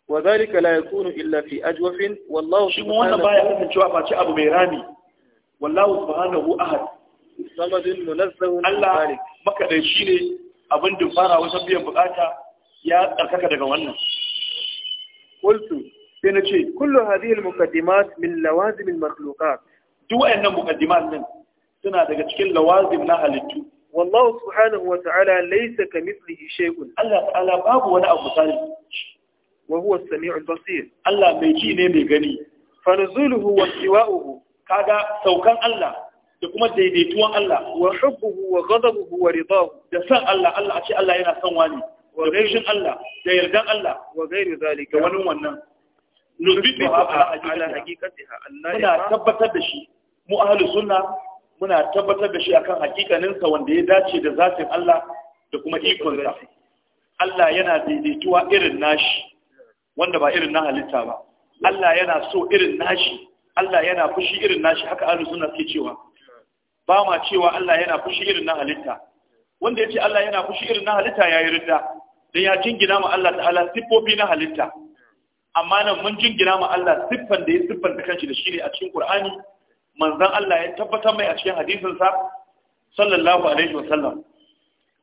wa zalika la yakunu illa fi ajwafin wallahu shi mu wannan baya kasancewa face abu mai rami wallahu subhanahu ahad samadin munazzahun Allah maka da shi ne abin da wajen biyan bukata ya tsarkaka daga wannan kultu sai na ce kullu hadhihi almuqaddimat min lawazim almakhluqat duk wayannan muqaddimat nan suna daga cikin lawazim na halittu wallahu subhanahu laisa ta'ala laysa kamithlihi Allah ta'ala babu wani abu sani wa huwa as-sami'ul basir Allah mai ji ne mai gani fa nuzuluhu wa istiwa'uhu kaga saukan Allah da kuma daidaituwan Allah wa hubbuhu wa ghadabuhu wa ridahu da san Allah Allah a ce Allah yana son wani wa gaishin Allah da yardan Allah wa gairi zalika wani wannan nuzbitu ala haqiqatiha Allah muna tabbatar da shi mu ahlus sunna muna tabbatar da shi akan hakikanin sa wanda ya dace da zatin Allah da kuma ikon sa Allah yana daidaituwa irin nashi wanda ba irin na halitta ba Allah yana so irin nashi Allah yana fushi irin nashi haka ahlus sunna suke cewa ba ma cewa Allah yana fushi irin na halitta wanda ce Allah yana fushi irin na halitta yayi ridda dan ya jingina ma Allah ta'ala siffofi na halitta amma nan mun jingina ma Allah siffan da ya siffanta kanshi da shi ne a cikin Kur'ani, manzan Allah ya tabbatar mai a cikin hadisin sallallahu alaihi wa sallam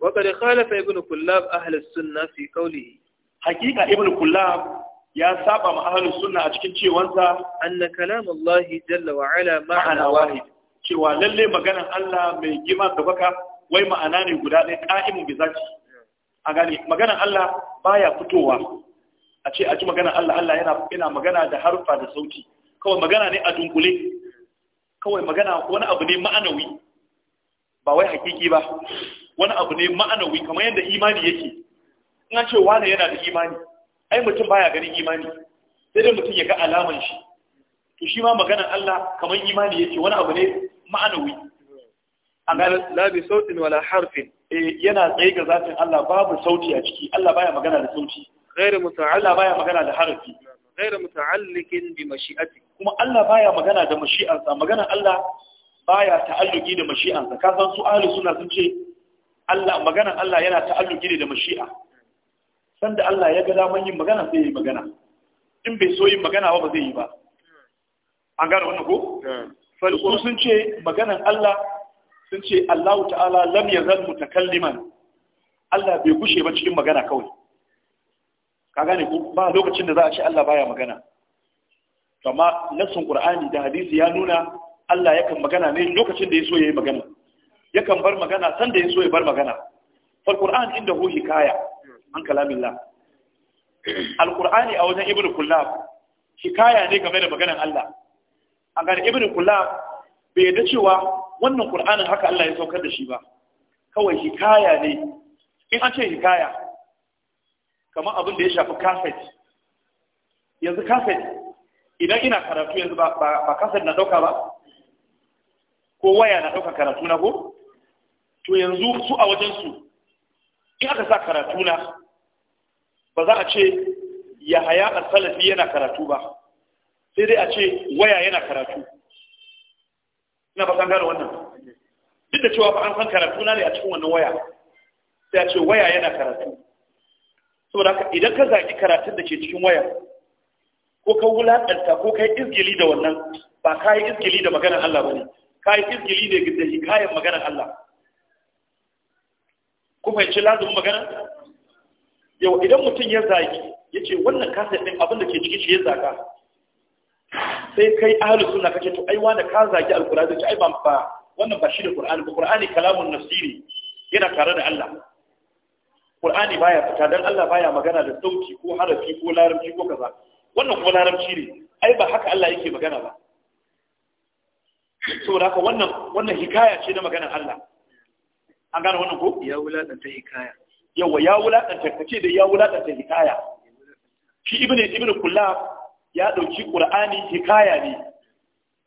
wa qad khalafa ibn kullab ahli sunna fi qawlihi hakika ibn kullab ya saba ma ahli sunna a cikin cewansa anna kalam Allah jalla wa ala ma'ana wahid cewa lalle maganan Allah mai gima da baka wai ma'ana ne guda ɗaya ƙa'imin bi zaki a gane maganan Allah baya fitowa a ce a ji maganan Allah Allah yana magana da harfa da sauti kawai magana ne a dunkule kawai magana wani abu ne ma'anawi ba wai hakiki ba wani abu ne ma'anawi kamar yadda imani yake in an ce wani yana da imani ai mutum baya ganin imani sai dai mutum ya ga alaman shi to shi ma maganan Allah kamar imani yake wani abu ne ma'anawi an ga labi sautin wala harfin eh, yana tsaye ga zafin Allah babu sauti a ciki Allah baya magana da sauti ghairu muta'alliq Allah baya magana da harfi ghairu muta'alliqin bi mashi'ati kuma Allah baya magana da mashi'ansa magana Allah baya ta'alluqi da mashi'ansa ka san su ahli sunna sun ce Allah magana Allah yana ta'alluqi ne da mashi'a sanda Allah ya ga daman yin magana sai yi magana in bai so yin magana ba ba zai yi ba an gane wannan ko farko sun ce maganan Allah sun ce Allahu ta'ala lam yazal mutakalliman Allah bai gushe ba cikin magana kawai ka gane ko ba lokacin da za a ce Allah baya magana amma nassun Qur'ani da hadisi ya nuna Allah yakan magana ne lokacin da ya so ya yi magana yakan bar magana san da ya so ya bar magana fal Qur'an inda hu hikaya an kalamillah al Qur'ani a wajen Ibn Kullab hikaya ne game da maganan Allah a gane ibn kula bai yadda cewa wannan qur'anin haka Allah ya saukar da shi ba kawai hikaya ne in an ce hikaya kamar abin da ya shafi kafet yanzu kafet idan ina karatu yanzu ba kafet na dauka ba ko waya na ɗauka karatu na ko to yanzu su a wajensu in aka sa karatu na ba za a ce ya haya a salafi yana karatu ba sai dai a ce waya yana karatu ina ba san gane wannan duk da cewa ba an san karatu na ne a cikin wannan waya sai a ce waya yana karatu saboda haka idan ka zaki karatun da ke cikin waya ko ka wulaƙanta ko ka yi izgili da wannan ba ka yi izgili da maganar Allah ba ne ka yi izgili ne da hikayen maganar Allah ku fahimci lazumin magana yau idan mutum ya zaki ya ce wannan kasar ɗin abin da ke cikin shi ya zaka sai kai ahlu sunna kace to ai wanda ka zagi alqur'ani ai ban fa wannan ba shi da qur'ani ba qur'ani kalamun nasiri yana tare da Allah qur'ani baya fita dan Allah baya magana da sauti ko harafi ko larabci ko kaza wannan kuma larabci ne ai ba haka Allah yake magana ba saboda haka wannan wannan hikaya ce na maganar Allah an gane wannan ko ya wulaɗanta hikaya yawa ya wulakanta kace da ya wulakanta hikaya shi ibnu ibnu kullab ya ɗauki qur'ani hikaya ne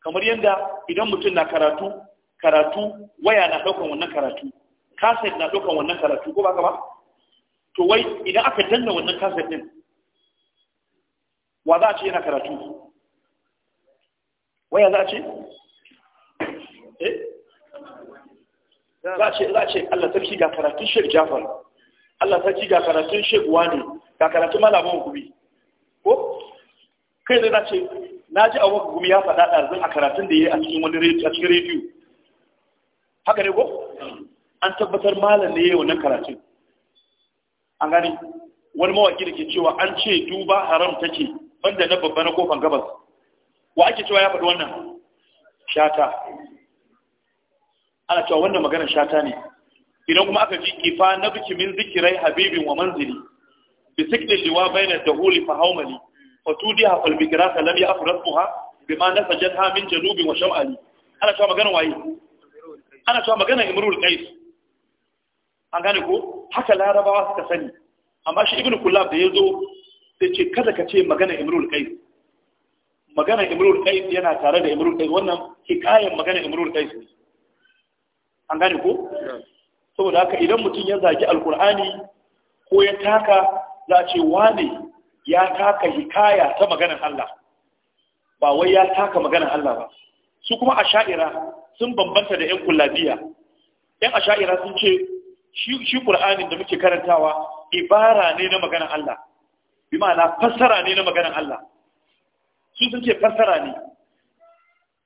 kamar yadda idan mutum na karatu karatu waya na ɗaukan wannan karatu kaset na ɗaukan wannan karatu ko ba ka ba to wai idan aka danna wannan kaset ɗin wa za a ce yana karatu waya za a ce eh za a ce za a ce Allah sarki ga karatun Sheikh Jafar Allah sarki ga karatun Sheikh Wani ga karatun malamin Gubi ko kai zai na ce na ji awon gumi ya faɗa ɗarzin a karatun da ya yi a cikin wani a cikin rediyo haka ne ko an tabbatar malam ne ya yi wannan karatun an gani wani mawaƙi da ke cewa an ce duba haram take banda na babba na kofan gabas wa ake cewa ya faɗi wannan shata ana cewa wannan maganar shata ne idan kuma aka ji ifa na bikimin zikirai habibin wa manzili bisikdin liwa bayanar da huli fahaumali fatudiha fal migrasa lam ya'fu bi ma nasajatha min janubin wa shamali ana cewa magana waye ana cewa magana imrul qais an gane ko haka larabawa suka sani amma shi ibnu kullab da yazo sai ce kada ka ce magana imrul qais magana imrul qais yana tare da imrul qais wannan kayan magana imrul qais ne an gane ko saboda haka idan mutum ya zaki alqur'ani ko ya taka za a ce wane ya taka hikaya ta maganar Allah ba wai ya taka maganar Allah ba su kuma asha'ira sun bambanta da 'yan kullabiya a asha'ira sun ce shi ƙul'anin da muke karantawa ibara ne na maganar Allah bi ma'ana fassara ne na maganar Allah su sun ce fassara ne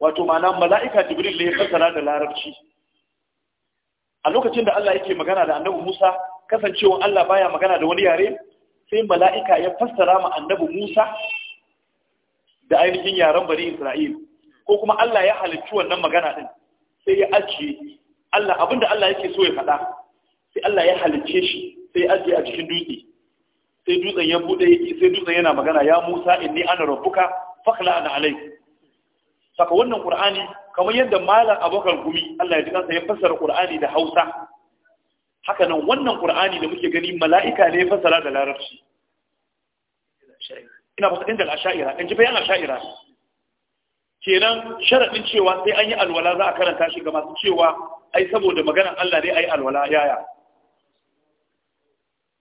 wato ma'ana mala'ika jibril ne ya fassara da larabci a lokacin da Allah yake magana da annabi Musa kasancewa Allah baya magana da wani yare sai mala'ika ya fassara ma annabi Musa da ainihin yaren bari Isra'il ko kuma Allah ya halicci wannan magana din sai ya ajiye Allah abinda Allah yake so ya faɗa sai Allah ya halicce shi sai ya ajiye a cikin dutse sai dutsen ya bude sai dutsen yana magana ya Musa inni ana rabbuka fakla ana alai. saka wannan ƙur'ani kamar yadda malam Abokan Gumi Allah ya ji kansa ya fassara ƙur'ani da Hausa haka nan wannan ƙur'ani da muke gani mala'ika ne fasara da larabci ina ba inda da ashira in ji bayan al-ash'ira kenan sharaɗin cewa sai an yi alwala za a karanta shi ga masu cewa ai saboda maganar Allah ne ai alwala yaya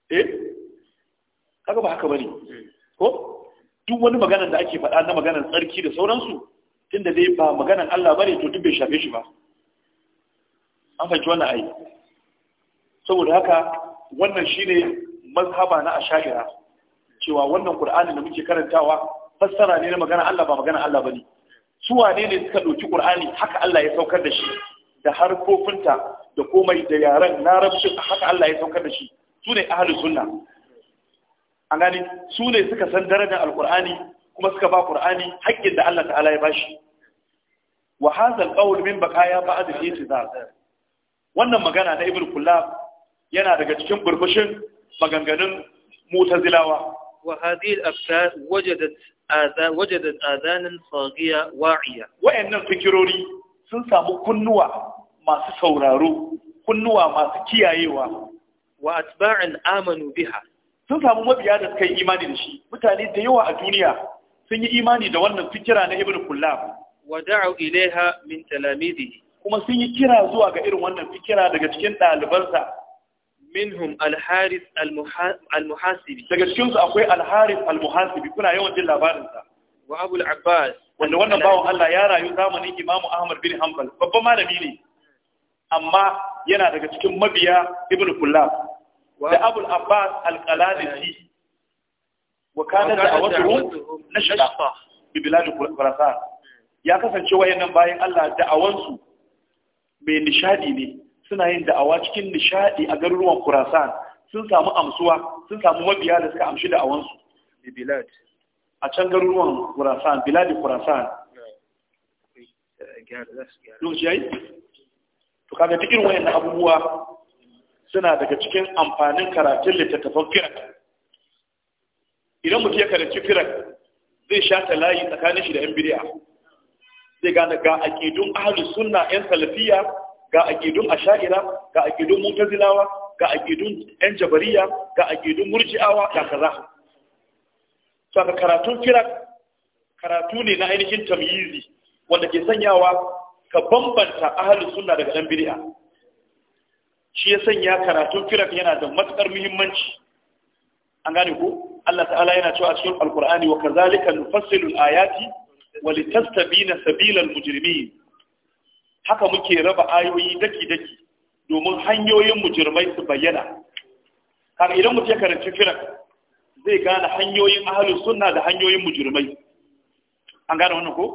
eh kaga ba haka bane ko duk wani maganar da ake faɗa na maganar tsarki da sauransu tunda dai ba maganar Allah bane to duk bai shafe shi ba an fahimci wannan ai saboda haka wannan shine mazhaba na asha'ira cewa wannan qur'ani da muke karantawa fassara ne na magana Allah ba magana Allah bane su wane ne suka dauki qur'ani haka Allah ya saukar da shi da harkofinta da komai da yaran larabcin haka Allah ya saukar da shi su ne ahli sunna an gani su ne suka san darajar alqur'ani kuma suka ba qur'ani haƙƙin da Allah ta'ala ya bashi wa hadha alqawl min baqaya ba'd al-i'tizar wannan magana na ibnu kullab yana daga cikin burbushin maganganun mutazilawa wa hadhihi al-afkar wajadat wajadat adanan saghiya wa'iya wayannan fikirori sun samu kunnuwa masu sauraro kunnuwa masu kiyayewa wa atba'an amanu biha sun samu mabiya da suka yi imani da shi mutane da yawa a duniya sun yi imani da wannan fikira na ibn kullab wa da'u ilaiha min talamidihi kuma sun yi kira zuwa ga irin wannan fikira daga cikin ɗalibansa minhum al-haris al-muhasibi daga cikin su akwai al-haris al-muhasibi kuna yawan jin labarin sa wa wanda wannan bawon Allah ya rayu zamanin Imam Ahmad bin Hanbal babban malami ne amma yana daga cikin mabiya Ibn Kullab da abul abbas al-qalalisi wa kana da'awatuhu nashqa bi bilad khurasan ya kasance wayannan bayan Allah da'awansu mai nishadi ne suna yin da'awa cikin nishaɗi a garuruwan kurasan, sun samu amsuwa sun samu mabiya da suka amshi da'awansu a can garuruwan kurasan. bilad kurasan to kaga duk irin wayannan abubuwa suna daga cikin amfanin karatun littattafan firak idan mutum ya karanci firak zai shata layi tsakanin shi da yan bidiya zai gane ga aƙidun ahlus sunna yan salafiya? ga aqidun asha'ira ga aqidun mu'tazilawa ga aqidun yan jabariya ga aqidun murji'awa da kaza to ka karatun kira karatu ne na ainihin tamyizi wanda ke sanyawa ka bambanta ahlus sunna daga dan bid'a shi ya sanya karatun firak yana da matukar muhimmanci an gane ko Allah ta'ala yana cewa a cikin alkur'ani wa kazalika nufassilu ayati wa litastabina sabilal mujrimin haka muke raba ayoyi daki-daki domin hanyoyin mujirmai su bayyana kan idan mutum ya karanci firak zai gane hanyoyin ahalus sunna da hanyoyin mujirmai an gane wannan ko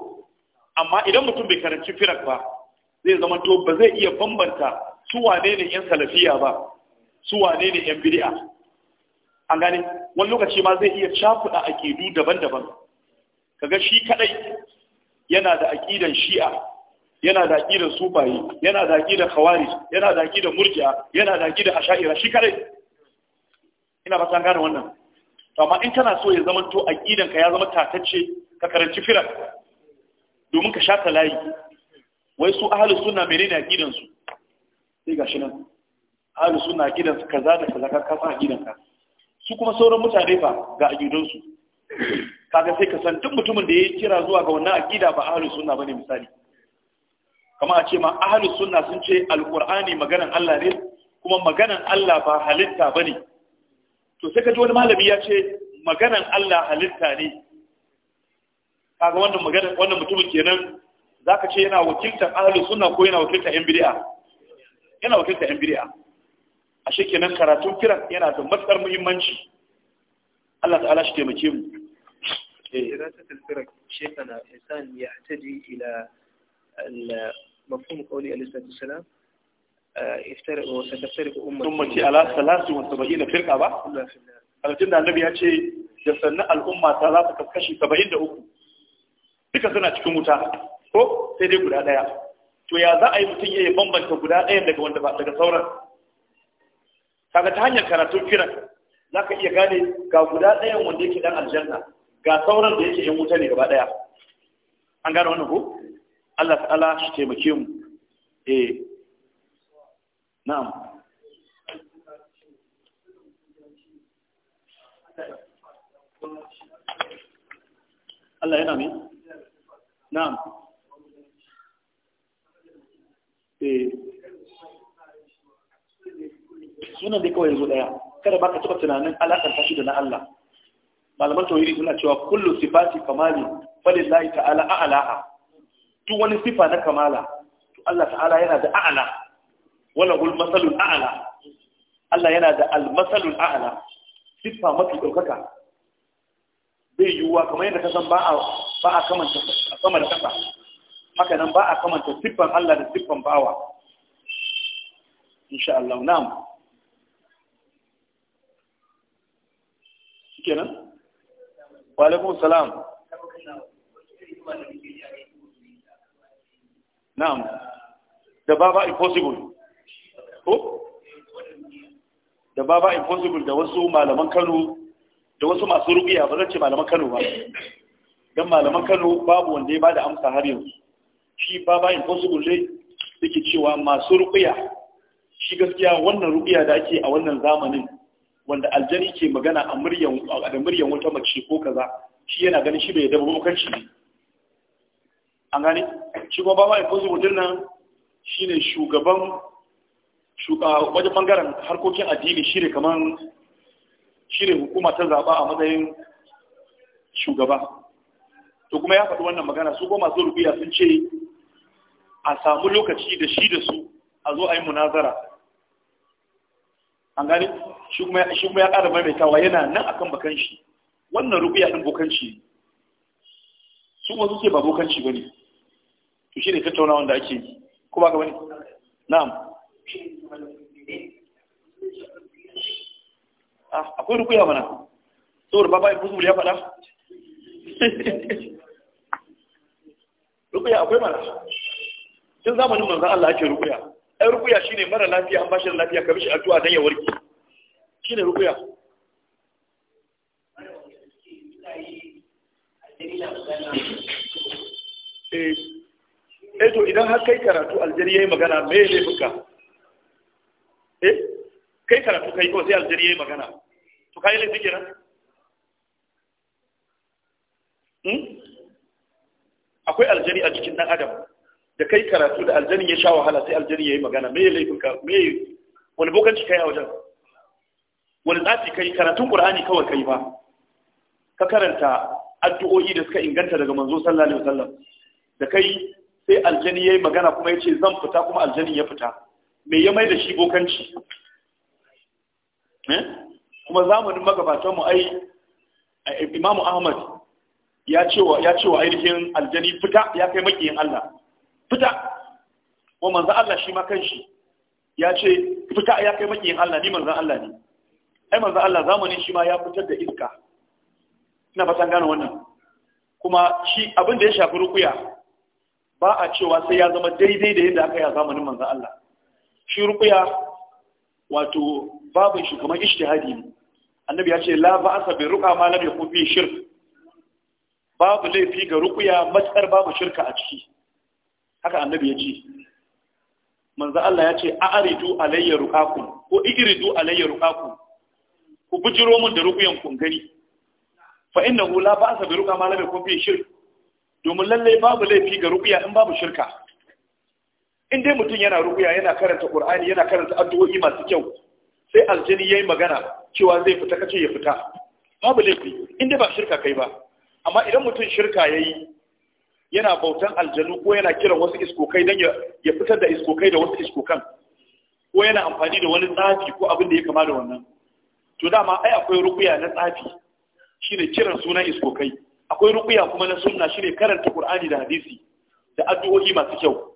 amma idan mutum bai karanci firak ba zai zama to ba zai iya bambanta su wane ne yan salafiya ba su wane ne yan bid'a an gane wani lokaci ma zai iya cakuɗa akidu daban-daban kaga shi kadai yana da aƙidan shi'a yana da aqidar sufayi yana da aqidar khawarij yana da aqidar murji'a yana da aqidar asha'ira shi kare ina ba san gane wannan to amma in kana so ya zama to aqidan ka ya zama tatacce ka karanci firar domin ka shata layi wai su ahlus sunna menene aqidan su sai gashi nan ahlus sunna aqidan su kaza da kaza ka san aqidan ka su kuma sauran mutane fa ga aqidan su kaga sai ka san duk mutumin da ya kira zuwa ga wannan aqida ba ahlus sunna bane misali kama a ce ma ahalus sunna sun ce alqur'ani maganan Allah ne kuma maganan Allah ba halitta ba ne. to sai ka ji wani malami ya ce maganan Allah halitta ne kaga wannan maganan wannan mutumin kenan zaka ce yana wakiltar ahalus sunna ko yana wakiltar yan bid'a yana wakiltar yan bid'a ashe kenan karatun kira yana da matsar muhimmanci Allah ta'ala shi taimake mu Eh, دراسة الفرق شيخنا إنسان يعتدي إلى مفهوم قولي عليه الصلاة والسلام افترق وستفترق أمتي أمتي على ثلاث وسبعين فرقة با كلها في النار aljanna annabi ya ce da sannan al'umma ta za ta kashi 73 duka suna cikin wuta ko sai dai guda daya to ya za a yi mutum ya bambanta guda daya daga wanda ba daga sauran kaga ta hanyar karatu kira, za ka iya gane ga guda daya wanda yake dan aljanna ga sauran da yake yan wuta ne gaba daya an gane wannan ko Allah ta'ala shi taimake mu eh na'am Allah yana mai na'am eh sunan da kawai yanzu daya kada baka taba tunanin alakar tashi da na Allah malaman tauhidi suna cewa kullu sifati kamali falillahi ta'ala a'laha duk wani sifa na kamala to Allah ta'ala yana da a'ala wala hul masalul a'ala Allah yana da almasalul a'ala sifa mafi daukaka bai yiwuwa kamar yadda ka san ba a ba a kamanta sama da kasa haka nan ba a kamanta siffan Allah da siffan bawa insha Allah na'am kenan wa alaikum salam na'am da baba impossible ko da baba impossible da wasu malaman Kano da wasu masu rubiya ba zan malaman Kano ba dan malaman Kano babu wanda ya bada amsa har yanzu shi baba impossible dai yake cewa masu rubiya shi gaskiya wannan rubiya da ake a wannan zamanin wanda aljani ke magana a muryan da muryan wata mace ko kaza shi yana ganin shi bai da babu kanci an gane shi kuma baba impossible din nan shi ne shugaban wajen bangaren harkokin addini shi ne kamar shi ne hukuma ta zaɓa a matsayin shugaba to kuma ya faɗi wannan magana su goma masu rubiya sun ce a samu lokaci da shi da su a zo a yi munazara an gani shi kuma ya ƙara maimaitawa yana nan akan bakan shi wannan rubiya ɗin bokanci su wasu ce ba bokanci ba ne to shi ne tattaunawa da ake yi ko ba ka wani na'am ah, akwai rukuya mana saboda ba bayan musul ya faɗa (laughs) rukuya akwai mana tun zamanin manzan Allah ake rukuya ai rukuya shine mara lafiya an bashi da lafiya ka bishi addu'a dan ya warke shine rukuya eh eh to idan har kai karatu aljari yi magana me zai buka eh kai karatu kai ko sai aljari yi magana to kayi laifi kike hmm akwai aljari a jikin dan adam da kai karatu da aljani ya sha wahala sai aljani yi magana me ne laifinka mai wani bokanci kai a wajen wani zafi kai karatun qur'ani kawai kai ba ka karanta addu'o'i da suka inganta daga manzo sallallahu alaihi wasallam da kai sai aljani ya yi magana kuma ya ce zan fita kuma aljani ya fita me ya mai da shi bokanci eh? kuma zamanin magabatanmu ai imamu ahmad ya ce ya ainihin aljani fita ya kai makiyin Allah fita wa manzo Allah shi ma kanshi ya ce fita ya kai makiyin Allah ni manzo Allah ne ai manzo Allah zamanin shi ma ya fitar da iska ina fatan gane wannan kuma shi abin da ya shafi rukuya ba a cewa sai ya zama daidai da yadda aka yi a zamanin manzan Allah shi rukuya wato babin shi kamar ishtihadi ne annabi ya ce la ba asa bi ruka ma lam ko fi shirk babu laifi ga rukuya matsar babu shirka a ciki haka annabi ya ce manzan Allah ya ce a a'ridu alayya rukakun, ko igiridu alayya rukakun. ku bijiro mun da rukuyan kun gani fa innahu la ba asa bi ruka ma lam ko fi shirk domin lallai babu laifi ga rukuya in babu shirka in dai mutum yana rukuya yana karanta qur'ani yana karanta addu'o'i masu kyau sai aljini yayi magana cewa zai fita kace ya fita babu laifi in dai ba shirka kai ba amma idan mutum shirka yayi yana bautan aljanu ko yana kiran wasu iskokai dan ya fitar da iskokai da wasu iskokan ko yana amfani da wani tsafi ko abin da ya kama da wannan to dama ai akwai rukuya na tsafi shine kiran sunan iskokai akwai rukuya kuma na sunna shine karanta qur'ani da hadisi da addu'o'i masu kyau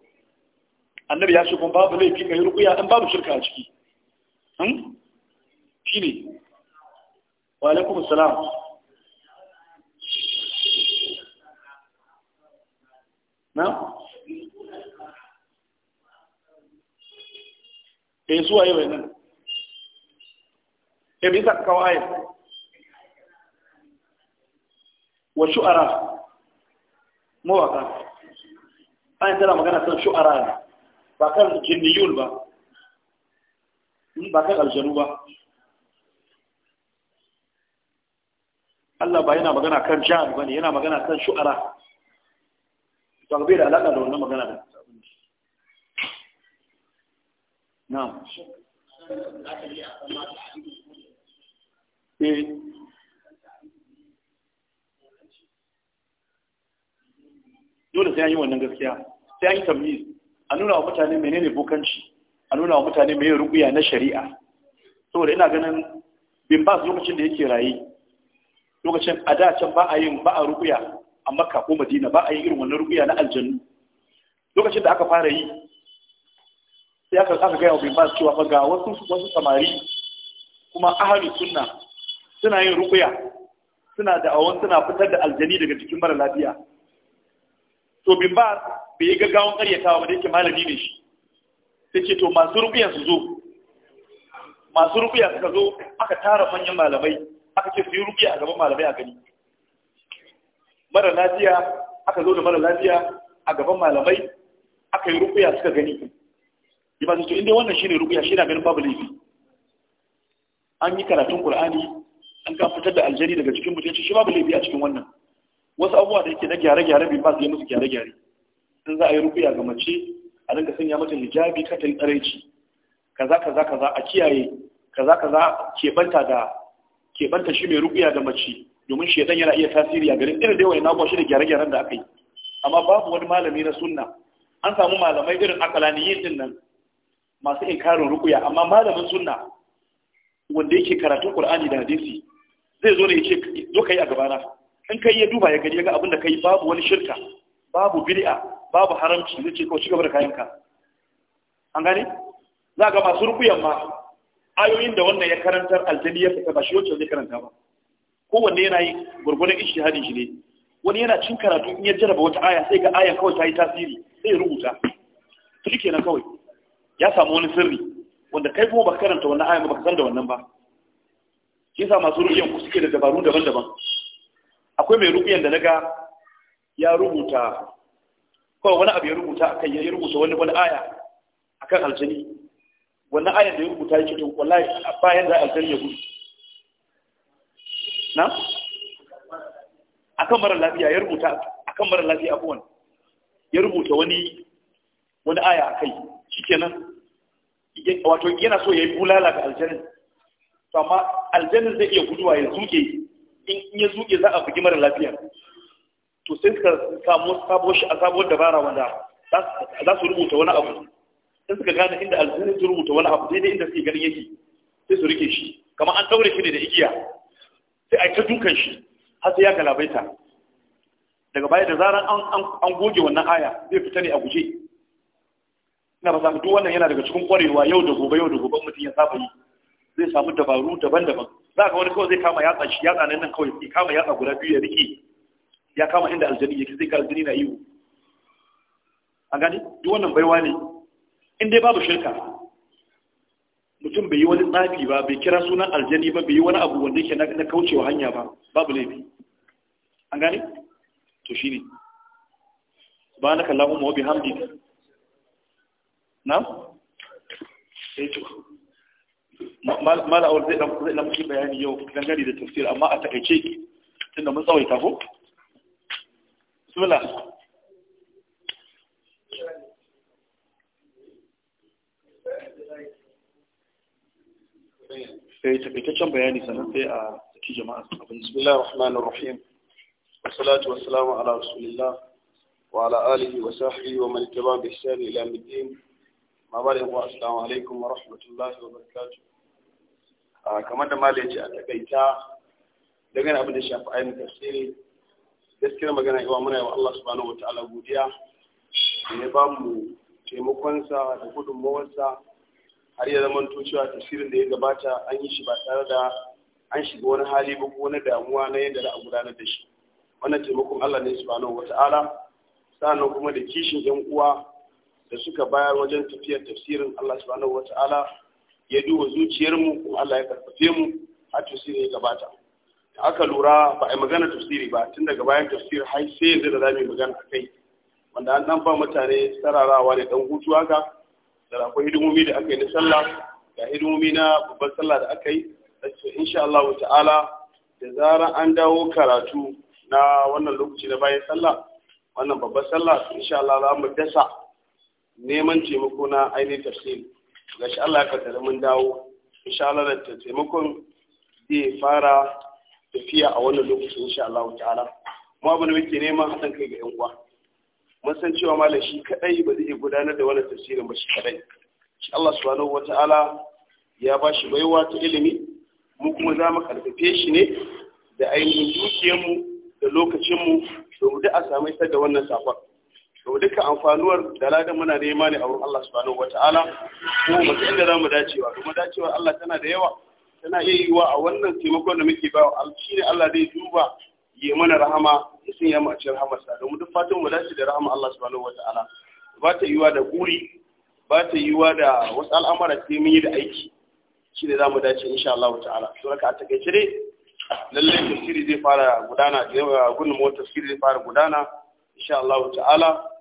annabi ya shi babu laifi kai rukuya dan babu shirka a ciki hmm shine wa alaikum assalam na eh zuwa yau nan eh bisa kawai ayat wa shu'ara mawaka ayin tana magana san shu'ara ne ba kan jinniyun ba ba kan aljanu ba Allah ba yana magana kan jihar ba ne yana magana kan shu'ara ba bai da alaƙa da wannan magana da na dole sai an yi wannan gaskiya sai an yi tamyiz a nuna wa mutane menene bokanci a nuna wa mutane meye rubuya na shari'a saboda ina ganin bin ba lokacin da yake raye lokacin a da can ba a yin ba a rubuya a makka ko madina ba a yi irin wannan rubuya na aljannu lokacin da aka fara yi sai aka aka gaya wa bin ba cewa ba ga wasu wasu samari kuma ahlus sunna suna yin rubuya suna da awon suna fitar da aljani daga cikin mara lafiya to bin ba bai yi gaggawan karyatawa ba da yake malami ne shi sai ce to masu rubiya su zo masu rubiya suka zo aka tara manyan malamai aka ce su yi rubiya a gaban malamai a gani mara lafiya aka zo da mara lafiya a gaban malamai aka yi rubiya suka gani yi ba su to inda wannan shi ne rubiya shi na ganin babu laifi an yi karatun Kur'ani an ka fitar da Aljani daga cikin mutunci shi babu laifi a cikin wannan wasu abubuwa da yake na gyare-gyare bai ba su yi musu gyare-gyare in za a yi rukuya ga mace a dinga sanya mata hijabi ka ta yi tsaraici kaza kaza kaza a kiyaye kaza kaza keɓanta da keɓanta shi mai rukuya ga mace domin shedan yana iya tasiri a garin irin da yawan nabuwa shi da gyare-gyaren da aka yi amma babu wani malami na sunna an samu malamai irin akalaniyin din nan masu inkarin rukuya amma malamin sunna wanda yake karatun qur'ani da hadisi zai zo ne ya ce zo ka yi a gabana in kai ya duba ya gari ya ga abin da kai babu wani shirka babu bid'a babu haramci zai ce kawai ci gaba da kayanka an gane za ga masu rukuyan ma ayoyin da wannan ya karantar aljani ya fita ba shi wacce zai karanta ba kowanne yana yi gurgurin ishtihadin shi ne wani yana cin karatu in ya jarraba wata aya sai ga aya kawai ta yi tasiri sai ya rubuta shi kenan kawai ya samu wani sirri wanda kai kuma baka karanta wannan aya ba baka san da wannan ba shi yasa masu rukuyan ku suke da dabaru daban-daban akwai mai rubiyan da naga ya rubuta kawai wani abu ya rubuta akan ya rubuta wani wani aya akan aljini wannan aya da ya rubuta yake to wallahi bayan da aljini ya gudu na akan mara lafiya ya rubuta akan mara lafiya abuwan ya rubuta wani wani aya akai shikenan wato yana so ya yi bulala ga aljanin to amma aljanin zai iya guduwa ya zuke in ya zuke za a bugi mara lafiya to sai suka samu shi a sabuwar dabara wanda za su rubuta wani abu sai suka gane inda alzini su rubuta wani abu daidai inda suke ganin yake sai su rike shi kama an taure shi ne da igiya sai a ta dukan shi har sai ya galabaita daga baya da zaran an goge wannan aya zai fita ne a guje ina ba samu duk wannan yana daga cikin kwarewa yau da gobe yau da gobe mutum ya saba yi zai samu dabaru daban-daban za ka wani kawai zai kama yatsa shi yatsa nan kawai ya kama yatsa guda biyu ya rike ya kama inda aljani yake zai ka aljani na iyo a gani duk wannan baiwa ne in dai babu shirka mutum bai yi wani tsafi ba bai kira sunan aljani ba bai yi wani abu wanda yake na kaucewa hanya ba babu laifi an gani to shine subhanaka allahumma wa bihamdika na eh to ما لا أول ذي لم ذي لم يعني يوم كان جالي التفسير أما أتقي شيء إنه من صوي تفو بسم الله في إيه، تكتشم بياني سنة في آه، في جماعة بسم الله الرحمن الرحيم والصلاة والسلام على رسول الله وعلى آله وصحبه ومن اتبع بإحسان إلى مدين ما بعد السلام عليكم ورحمة الله وبركاته kamar da malai ce a takaita dangane abin da shafi ayin tafsiri gaskiyar magana yawa muna yawa Allah subhanahu ta'ala godiya da ya bamu taimakonsa da gudunmawarsa har ya zama cewa tasirin da ya gabata an yi shi ba tare da an shiga wani hali ba ko wani damuwa na yadda za a gudanar da shi wannan taimakon Allah ne subhanahu ta'ala sannan kuma da kishin yan uwa da suka bayar wajen tafiyar tafsirin Allah subhanahu ta'ala. ya duba zuciyarmu kuma Allah ya karfafe mu a tafsiri ya gabata da aka lura ba a magana tafsiri ba tun daga bayan tafsir har sai yanzu da zamu magana akai wanda an dan ba mutane sararawa ne dan hutu haka da akwai hidimomi da aka yi na sallah ga hidimomi na babbar sallah da aka yi insha Allah ta'ala da zarar an dawo karatu na wannan lokaci na bayan sallah wannan babbar sallah insha Allah za mu dasa neman taimako na ainihin tafsiri ga shi Allah ka tare mun dawo insha Allah da taimakon zai fara tafiya a wannan lokaci insha Allah ta'ala mu abin da muke neman haɗin kai ga yan uwa mun san cewa malam shi kaɗai ba zai gudanar da wannan tafsirin ba shi kaɗai. shi Allah subhanahu ta'ala ya ba shi baiwa ta ilimi mu kuma za mu karfafe shi ne da ainihin mu da lokacin mu domin duk a samu isar da wannan sakon to duka amfanuwar da ladan muna nema ne a wurin Allah subhanahu wata'ala ko ba san inda zamu dacewa kuma dacewar Allah tana da yawa tana iya yiwa a wannan taimakon da muke bawa shine Allah zai duba ya mana rahama ya sanya mu a cikin rahamarsa domin duk fatan mu dace da rahama Allah subhanahu wata'ala ba ta yiwa da guri ba ta yiwa da wasu al'amura sai mun yi da aiki shi ne za mu dace insha Allah ta'ala to haka a takaice dai lallai tafsiri zai fara gudana gudun motar tafsiri zai fara gudana insha Allah ta'ala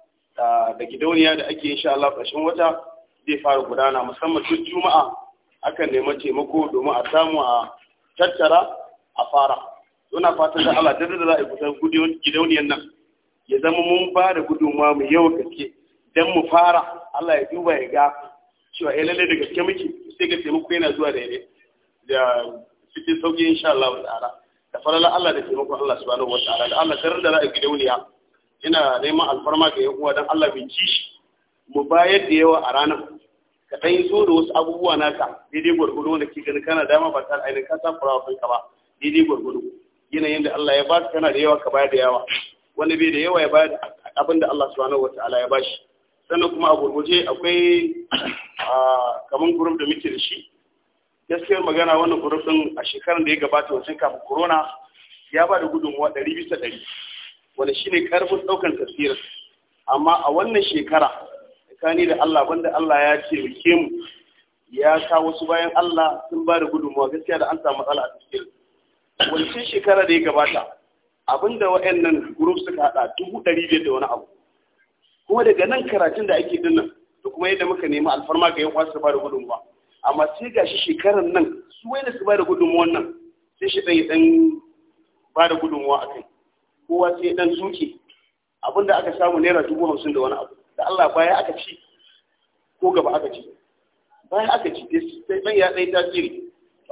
da gidauniya da ake insha Allah ƙarshen wata zai fara gudana musamman tun juma'a akan nema taimako domin a samu a tattara a fara suna fatan da Allah da za a kusan gidauniyar nan ya zama mun ba da gudunmawa mu yawa gaske dan mu fara Allah ya duba ya ga cewa ya eh, lalle da gaske muke sai ga taimako yana zuwa da yare da cikin sauki insha Allah wa tsara da farala Allah da taimakon Allah subhanahu wa ta'ala da Allah da za a gidauniya ina neman alfarma ga yan uwa don Allah bin ci shi mu bayar da yawa a ranar ka yi so da wasu abubuwa naka daidai gwargwado wanda ke gani kana dama ba ta ainihin ka takura kanka ba daidai gwargwado yanayin da Allah ya baka kana da yawa ka bayar da yawa wanda bai da yawa ya bayar abin da Allah subhanahu ta'ala ya bashi sannan kuma a gurguje akwai ah, kamar gurup da muke da shi gaskiyar magana wannan gurup din a shekarar da ya gabata wajen kafin corona ya ba da gudunmuwa ɗari bisa ɗari wanda shine karfin daukan tafsirin amma a wannan shekara tsakani da Allah banda Allah ya ce rike mu ya ka wasu bayan Allah sun ba da gudunmuwa gaskiya da an samu matsala a tafsirin wancan shekara da ya gabata abinda wa'annan group suka hada dubu ɗari biyar da wani abu kuma daga nan karatun da ake dinnan da kuma yadda muka nemi alfarma ga yan uwa su ba da gudunmuwa amma sai gashi shekaran nan su wai da su ba da gudunmuwan nan sai shi ɗan ɗan ba da gudunmawa a kai kowa sai dan zuke abinda aka samu naira dubu hamsin da wani abu da Allah baya aka ci ko gaba aka ci bayan aka ci sai dan ya dai tasiri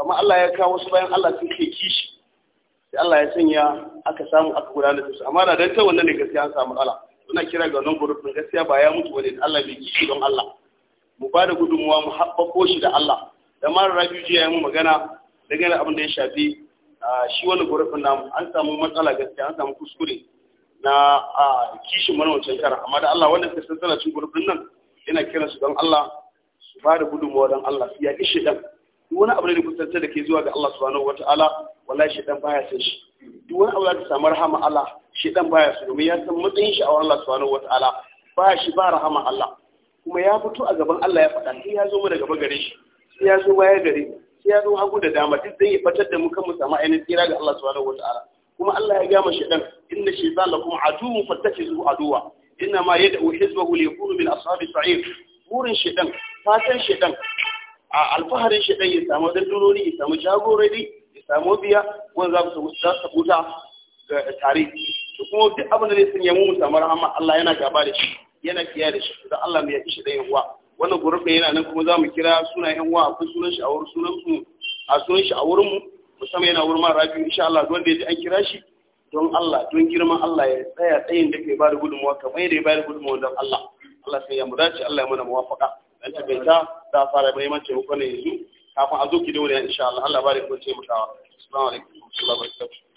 amma Allah ya kawo su bayan Allah sun ke kishi sai Allah ya sanya aka samu aka gudanar da su amma da dan ta wannan ne gaskiya an samu Allah suna kira ga wannan gurbin gaskiya ba ya mutu wani Allah bai kishi don Allah mu ba da gudunmuwa mu habbako shi da Allah da mara rabiu jiya ya mu magana dangane abin da ya shafi shi wani gurbin namu an samu matsala gaskiya an samu kuskure na kishin wani wancan kara amma da Allah wanda suka sassana cin gurbin nan yana kiran su don Allah su ba da gudunmawa don Allah su yaƙi shaidan duk wani abu da kusanta da ke zuwa ga Allah subhanahu wata'ala wallahi shaidan baya san shi duk wani abu da ta samu rahama Allah shaidan baya su domin ya san matsayin shi a Allah subhanahu wata'ala ba shi ba rahama Allah kuma ya fito a gaban Allah ya faɗa sai ya zo mu daga bagare shi sai ya zo baya gare mu sai ya zo hagu da dama duk zai fatar da mu kan mu samu ainihin tsira ga Allah subhanahu wataala kuma Allah ya gama dan inna shaytan lakum aduwwun fattakhidhuhu aduwwa inna ma yad'u hizbahu li yakunu min ashabi sa'ir burin shaitan fatan shaitan a alfaharin shaitan ya samu dandurori ya samu jagorori ya samu biya wan za su sabuta ga tare to kuma duk abin da zai sanya mu samu rahama Allah yana gaba da shi yana kiyaye da shi da Allah mai yafi shi da yawa wannan gurufin yana nan kuma za mu kira suna yan wa akwai sunan shi a wurin sunan su a sunan shi a wurin mu musamman yana wurin mara rafi insha Allah don da ya ji an kira shi don Allah don girman Allah ya tsaya tsayin da ke bada gudunmuwa kamar yadda ya bada gudunmuwa don Allah Allah sai ya mu dace Allah ya mana muwafaka dan tabaita da fara ce hukuma ne yanzu kafin a zo ki daure insha Allah Allah bada da ku taimakawa assalamu alaikum wa rahmatullahi wa barakatuh